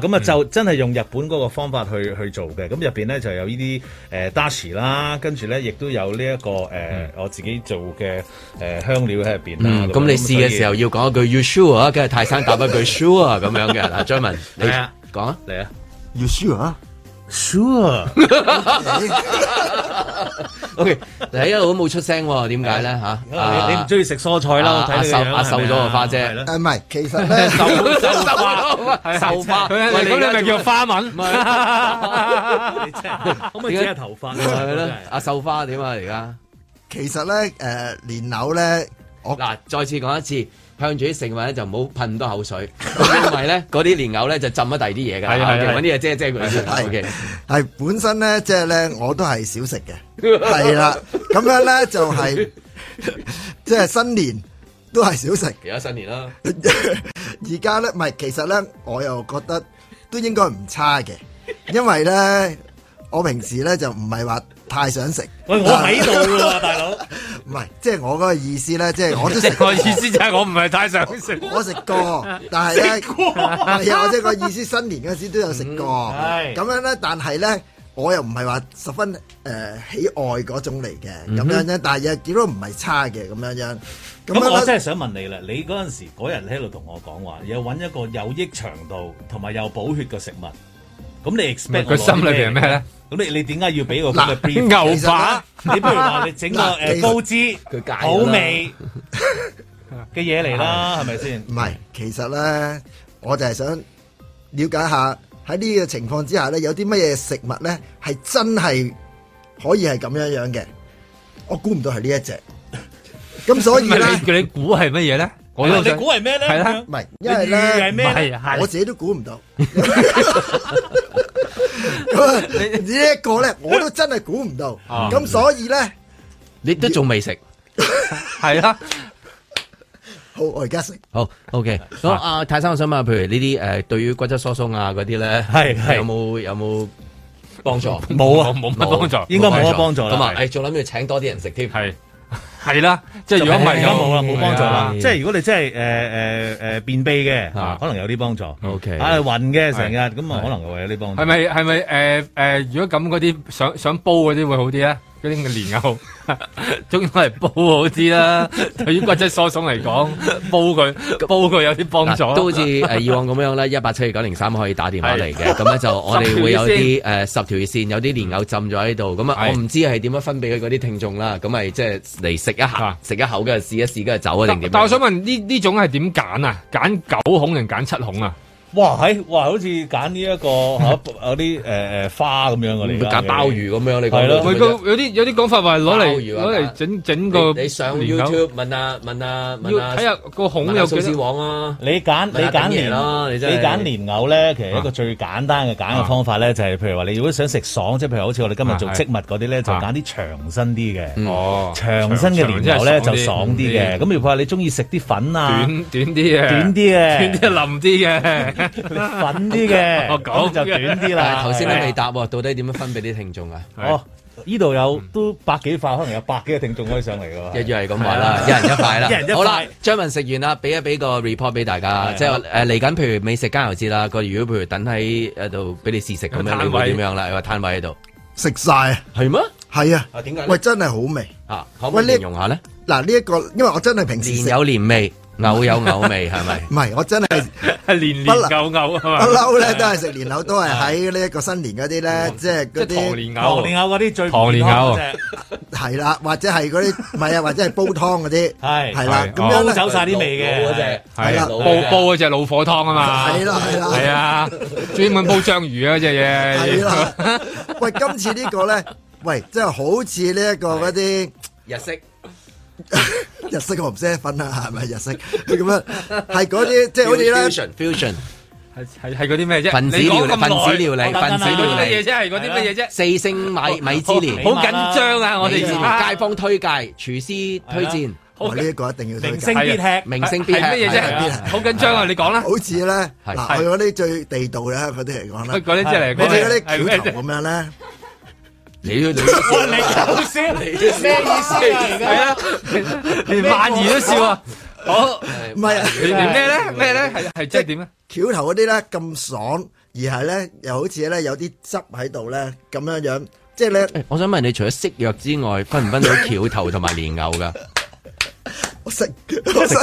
咁啊、嗯、就真係用日本嗰個方法去、嗯、去做嘅，咁入邊咧就有呢啲誒 dashi 啦，跟住咧亦都有呢一個誒我自己做嘅誒香料喺入邊啦。咁、嗯嗯、你試嘅時候要講一句 *laughs* ，you sure 啊，梗係泰山打返句 sure 啊 *laughs* 咁這樣嘅，嗱 *laughs* 張文，你啊，講啊，嚟啊，you sure 啊。Sure，OK， *laughs* okay，你一路都冇出聲，點解咧吓？你唔中意食蔬菜啦，阿、啊、阿、啊啊啊、瘦咗個花姐係咯？唔、啊、係，其實呢瘦瘦， *laughs* 瘦，瘦，瘦花，瘦花，咁你咪叫花紋、 *laughs* 啊？可唔可以剪下頭髮？係、啊、咯，阿瘦花點啊？而家其實咧，誒、呃，蓮藕咧，我嗱，再次講一次。向住啲食物咧就唔好噴咁多口水， *laughs* 因為咧嗰啲蓮藕咧就浸咗第二啲嘢㗎，嚟揾啲嘢遮遮佢先。係、 *laughs* okay、本身咧，即係咧我都係少食嘅，係 *laughs* 啦。咁樣咧就係即係新年都係少食。而家新年啦，而家咧唔係其實咧，我又覺得都應該唔差嘅，因為咧我平時咧就唔係話，太想食，我喺度喇，大 *laughs* 佬，唔係，即係我嗰個意思咧，即、就、係、是、我都食。 *laughs* 我意思就係我唔係太想食，我食過，但係咧，係啊，我即係個意思，新年嗰時都有食過，咁、嗯、樣咧，但係咧，我又唔係話十分誒、呃、喜愛嗰種嚟嘅，咁樣咧，但係亦都唔係差嘅，咁樣樣。咁、嗯、我真係想問你啦，你嗰陣時嗰日喺度同我講話，有揾一個有益腸道同埋有補血嘅食物。咁你 expect 佢心裏邊係咩咧？咁你你點解要俾個咁嘅牛扒？你不如話你整個誒高脂、好味嘅嘢嚟啦，係咪先？唔係，其實咧，我就係想了解下喺呢個情況之下咧，有啲乜嘢食物咧係真係可以係咁樣樣嘅？我估唔到係呢一隻。咁所以咧，你叫你估係乜嘢咧？.我都你估係咩咧？係、啊、啦，唔係，因為咧，係係，我自己都估唔到唔係。啊、 *laughs* *laughs* 呢一個咧，我都真係估唔到。咁 *laughs* 所以咧，你都仲未食？係 *laughs* 啦、啊，好，我而家食。好，OK。 *laughs* 好、呃、啊，泰生我想問下，譬如呢啲誒，對於骨質疏鬆啊嗰啲咧，係有冇有冇幫助？冇啊，冇乜幫助，應該冇乜幫助。咁啊，仲諗住請多啲人食添。係。係 *laughs* 啦、啊就是啊，即係如果唔係，而家冇啦，冇幫助啦。即係如果你真係誒誒誒便秘嘅，可能有啲幫助。O K，啊暈嘅成日，咁、okay、啊可能會有啲幫助。係咪係咪誒誒？如果咁嗰啲想想煲嗰啲會好啲咧？嗰啲嘅蓮藕，總係煲好啲啦。對於骨質疏鬆嚟講，煲佢煲佢有啲幫助。都好似以往咁樣咧，一八七二九零三可以打電話嚟嘅。咁咧是的 就我哋會有啲誒十條線、呃、線，有啲蓮藕浸咗喺度。咁啊，我唔知係點樣分俾嗰啲聽眾啦。咁係即係嚟食一下，食的一口跟住試一試跟住走啊定點？但我想問呢呢種係點揀啊？揀九孔定揀七孔啊？.哇係哇，好似揀呢一個嚇 *laughs* 有啲誒誒花咁樣，我哋揀鮑魚咁樣，你講係咯？有啲有啲講法話攞嚟攞嚟整整個你，你上 YouTube 問阿問阿問阿睇下看看個孔有幾少網啊！你揀、啊、你揀蓮咯，你真係你揀蓮藕咧、啊，其實一個最簡單嘅揀嘅方法咧、啊，就係、是、譬如話，你如果想食爽，即係譬如好似我哋今日做植物嗰啲咧，就揀啲長身啲嘅哦，長身嘅蓮藕咧就爽啲嘅。咁如果話你中意食啲粉啊，短短啲嘅，短啲嘅，短啲又腍啲嘅。 *laughs* 粉啲嘅，我講就短啲啦。但係頭先你未答喎，到底點樣分俾啲聽眾啊？ *laughs* 哦，呢度有都百幾塊，可能有百幾個聽眾可以上嚟噶。 *laughs* 一樣係咁話啦， *laughs* 一人一塊啦 *laughs* 一人一塊。好啦，張 *laughs* 文食完啦，俾一俾個 report 俾大家，即係誒嚟緊，譬如美食加油節啦，個如果譬如等喺誒度俾你試食咁樣，你會點樣啦？有個攤位喺度，食晒係咩？係啊，點解、啊啊？喂，真係好味吓、啊。可唔可以形容下呢？喂、呢一個，因為我真係平時有年味。藕有藕味係咪？唔係，我真係年年有藕係咪？不嬲咧，都係食年藕，都係喺呢一個新年嗰啲咧，即係嗰啲糖年藕、年藕嗰啲最唔同嘅，係啦，或者係嗰啲，唔係啊，或者係煲湯嗰啲，係係啦，咁樣走晒啲味嘅嗰隻，係啦，煲煲嗰隻老火湯啊嘛，係啦係啦，係啊，專門煲章魚啊隻嘢，係啦，喂，今次呢個咧，喂，真係好似呢一個嗰啲日式。 *laughs* 日式我唔識分啦，係咪日式咁樣？係嗰啲即係好似咧，Fusion，係係係嗰啲咩啫？分子料理，分子料理，分子料理，乜嘢啫？係嗰啲乜嘢啫？四星米、米芝蓮，好緊張啊！我哋、啊、街坊推介，廚師推薦，呢個一定要。明星必食，明星必食，乜嘢啫？好緊張啊！你講啦、啊啊，好似咧，嗱、啊，去啲、啊、最地道啦，嗰啲嚟講啦，嗰啲即係啲咁樣咧。你都你你咩意思啊？而家係啊，連萬兒都笑啊。好，唔係，你哋咩咧？咩咧？係係即係點咧？橋頭嗰啲咧咁爽，而係咧又好似咧有啲汁喺度咧咁樣樣，即係咧。我想問你，除咗食藥之外，分唔分到橋頭同埋蓮藕噶？我食，我食。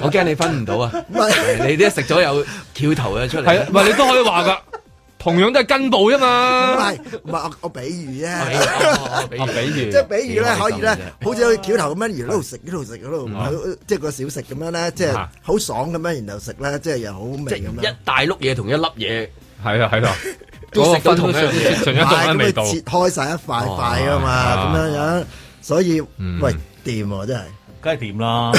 我驚你分唔到啊！你啲食咗有橋頭嘅出嚟。係啊，唔係你都可以話噶。同樣都係根部啫嘛，唔係唔係我我比喻啫，我比喻即係比喻咧可以咧，好似去橋頭咁樣，然後一路食一路食一路，即係個小食咁樣咧，即係好爽咁樣，然後食咧，即係又好味咁樣。一大碌嘢同一粒嘢，係啊係啊，都食到同上一檔嘅味道，切開晒一塊塊噶嘛，咁樣樣，所以喂掂喎真係，梗係掂啦，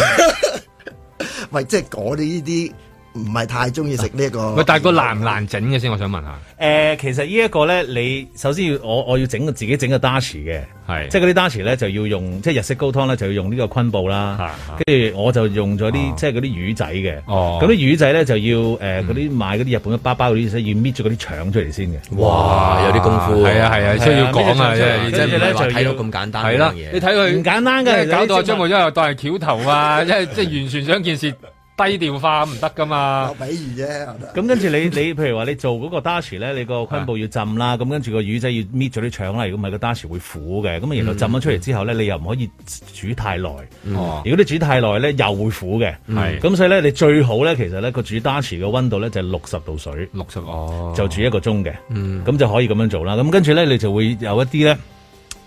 喂即係講啲呢啲。唔係太中意食呢一個，喂，但係佢難唔難整嘅先，我想問下。誒、呃，其實這個呢一個咧，你首先要我我要整自己整個達士嘅，係，即係嗰啲達士咧就要用即係日式高湯咧就要用呢個昆布啦，跟住、啊、我就用咗啲、嗯啊、即係嗰啲魚仔嘅，哦，啲魚仔咧就要誒嗰啲買嗰啲日本嘅包包嗰啲先要搣咗嗰啲腸出嚟先嘅。哇，有啲功夫係啊，係啊，啊，啊，啊，啊，啊，啊，所以、就是、需要講啊，即係唔係睇到咁簡單係啦，你睇佢唔簡單嘅，搞到張冇咗又當係橋頭啊，即係即係完全想件事。低調化唔得噶嘛？比喻啫。咁跟住你，你譬如話你做嗰個 dashi 咧，你個昆布要浸啦，咁跟住個魚仔要搣咗啲腸啦，如果唔係個 dashi 會苦嘅。咁然後浸咗出嚟之後咧，嗯、你又唔可以煮太耐。哦、嗯。如果你煮太耐咧，又會苦嘅。係。咁所以咧，你最好咧，其實咧個煮 dashi 嘅溫度咧就六十度水。六十哦。就煮一個鐘嘅。咁、嗯、就可以咁樣做啦。咁跟住咧，你就會有一啲咧。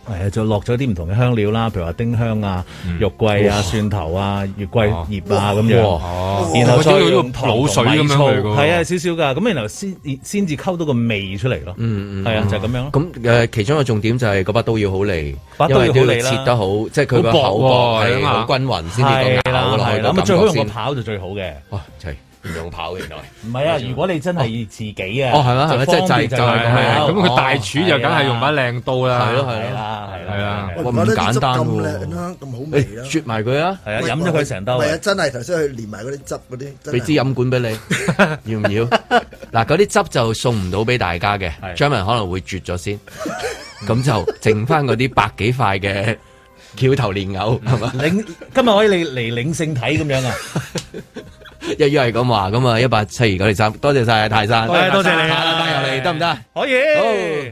誒，就落咗啲唔同嘅香料啦，譬如話丁香啊、肉、嗯、桂啊、蒜頭啊、月桂葉啊咁樣，然後再用滷水咁樣去，係啊，少少噶。咁然後先先至溝到個味出嚟咯。嗯嗯，係啊，就咁樣咯。咁、嗯、誒、嗯嗯嗯嗯嗯，其中一個重點就係、是、嗰把刀要好利，把刀要好利要切得好，啊、即係佢個厚度係、嗯、好均勻先至咬落去咁，好咁最好用個跑就最好嘅。啊唔用跑原來，唔係啊！如果你真係自己啊，哦係啦係啦，即係就就係係咁，佢大廚就梗係用把靚刀啦，係咯係啦係啦係啦，我唔簡單喎，咁靚啦，咁好味啦，啜埋佢啊，係啊飲咗佢成兜，係啊真係頭先去連埋嗰啲汁嗰啲，俾支飲管俾你要唔要？嗱，嗰啲汁就送唔到俾大家嘅，張文可能會絕咗先，咁就剩翻嗰啲百幾塊嘅橋頭蓮藕係嘛，領今日可以嚟嚟領聖體咁樣啊？一於係咁話咁啊！一百七二九零三，多謝晒泰，泰山，多謝你，得唔得？可以。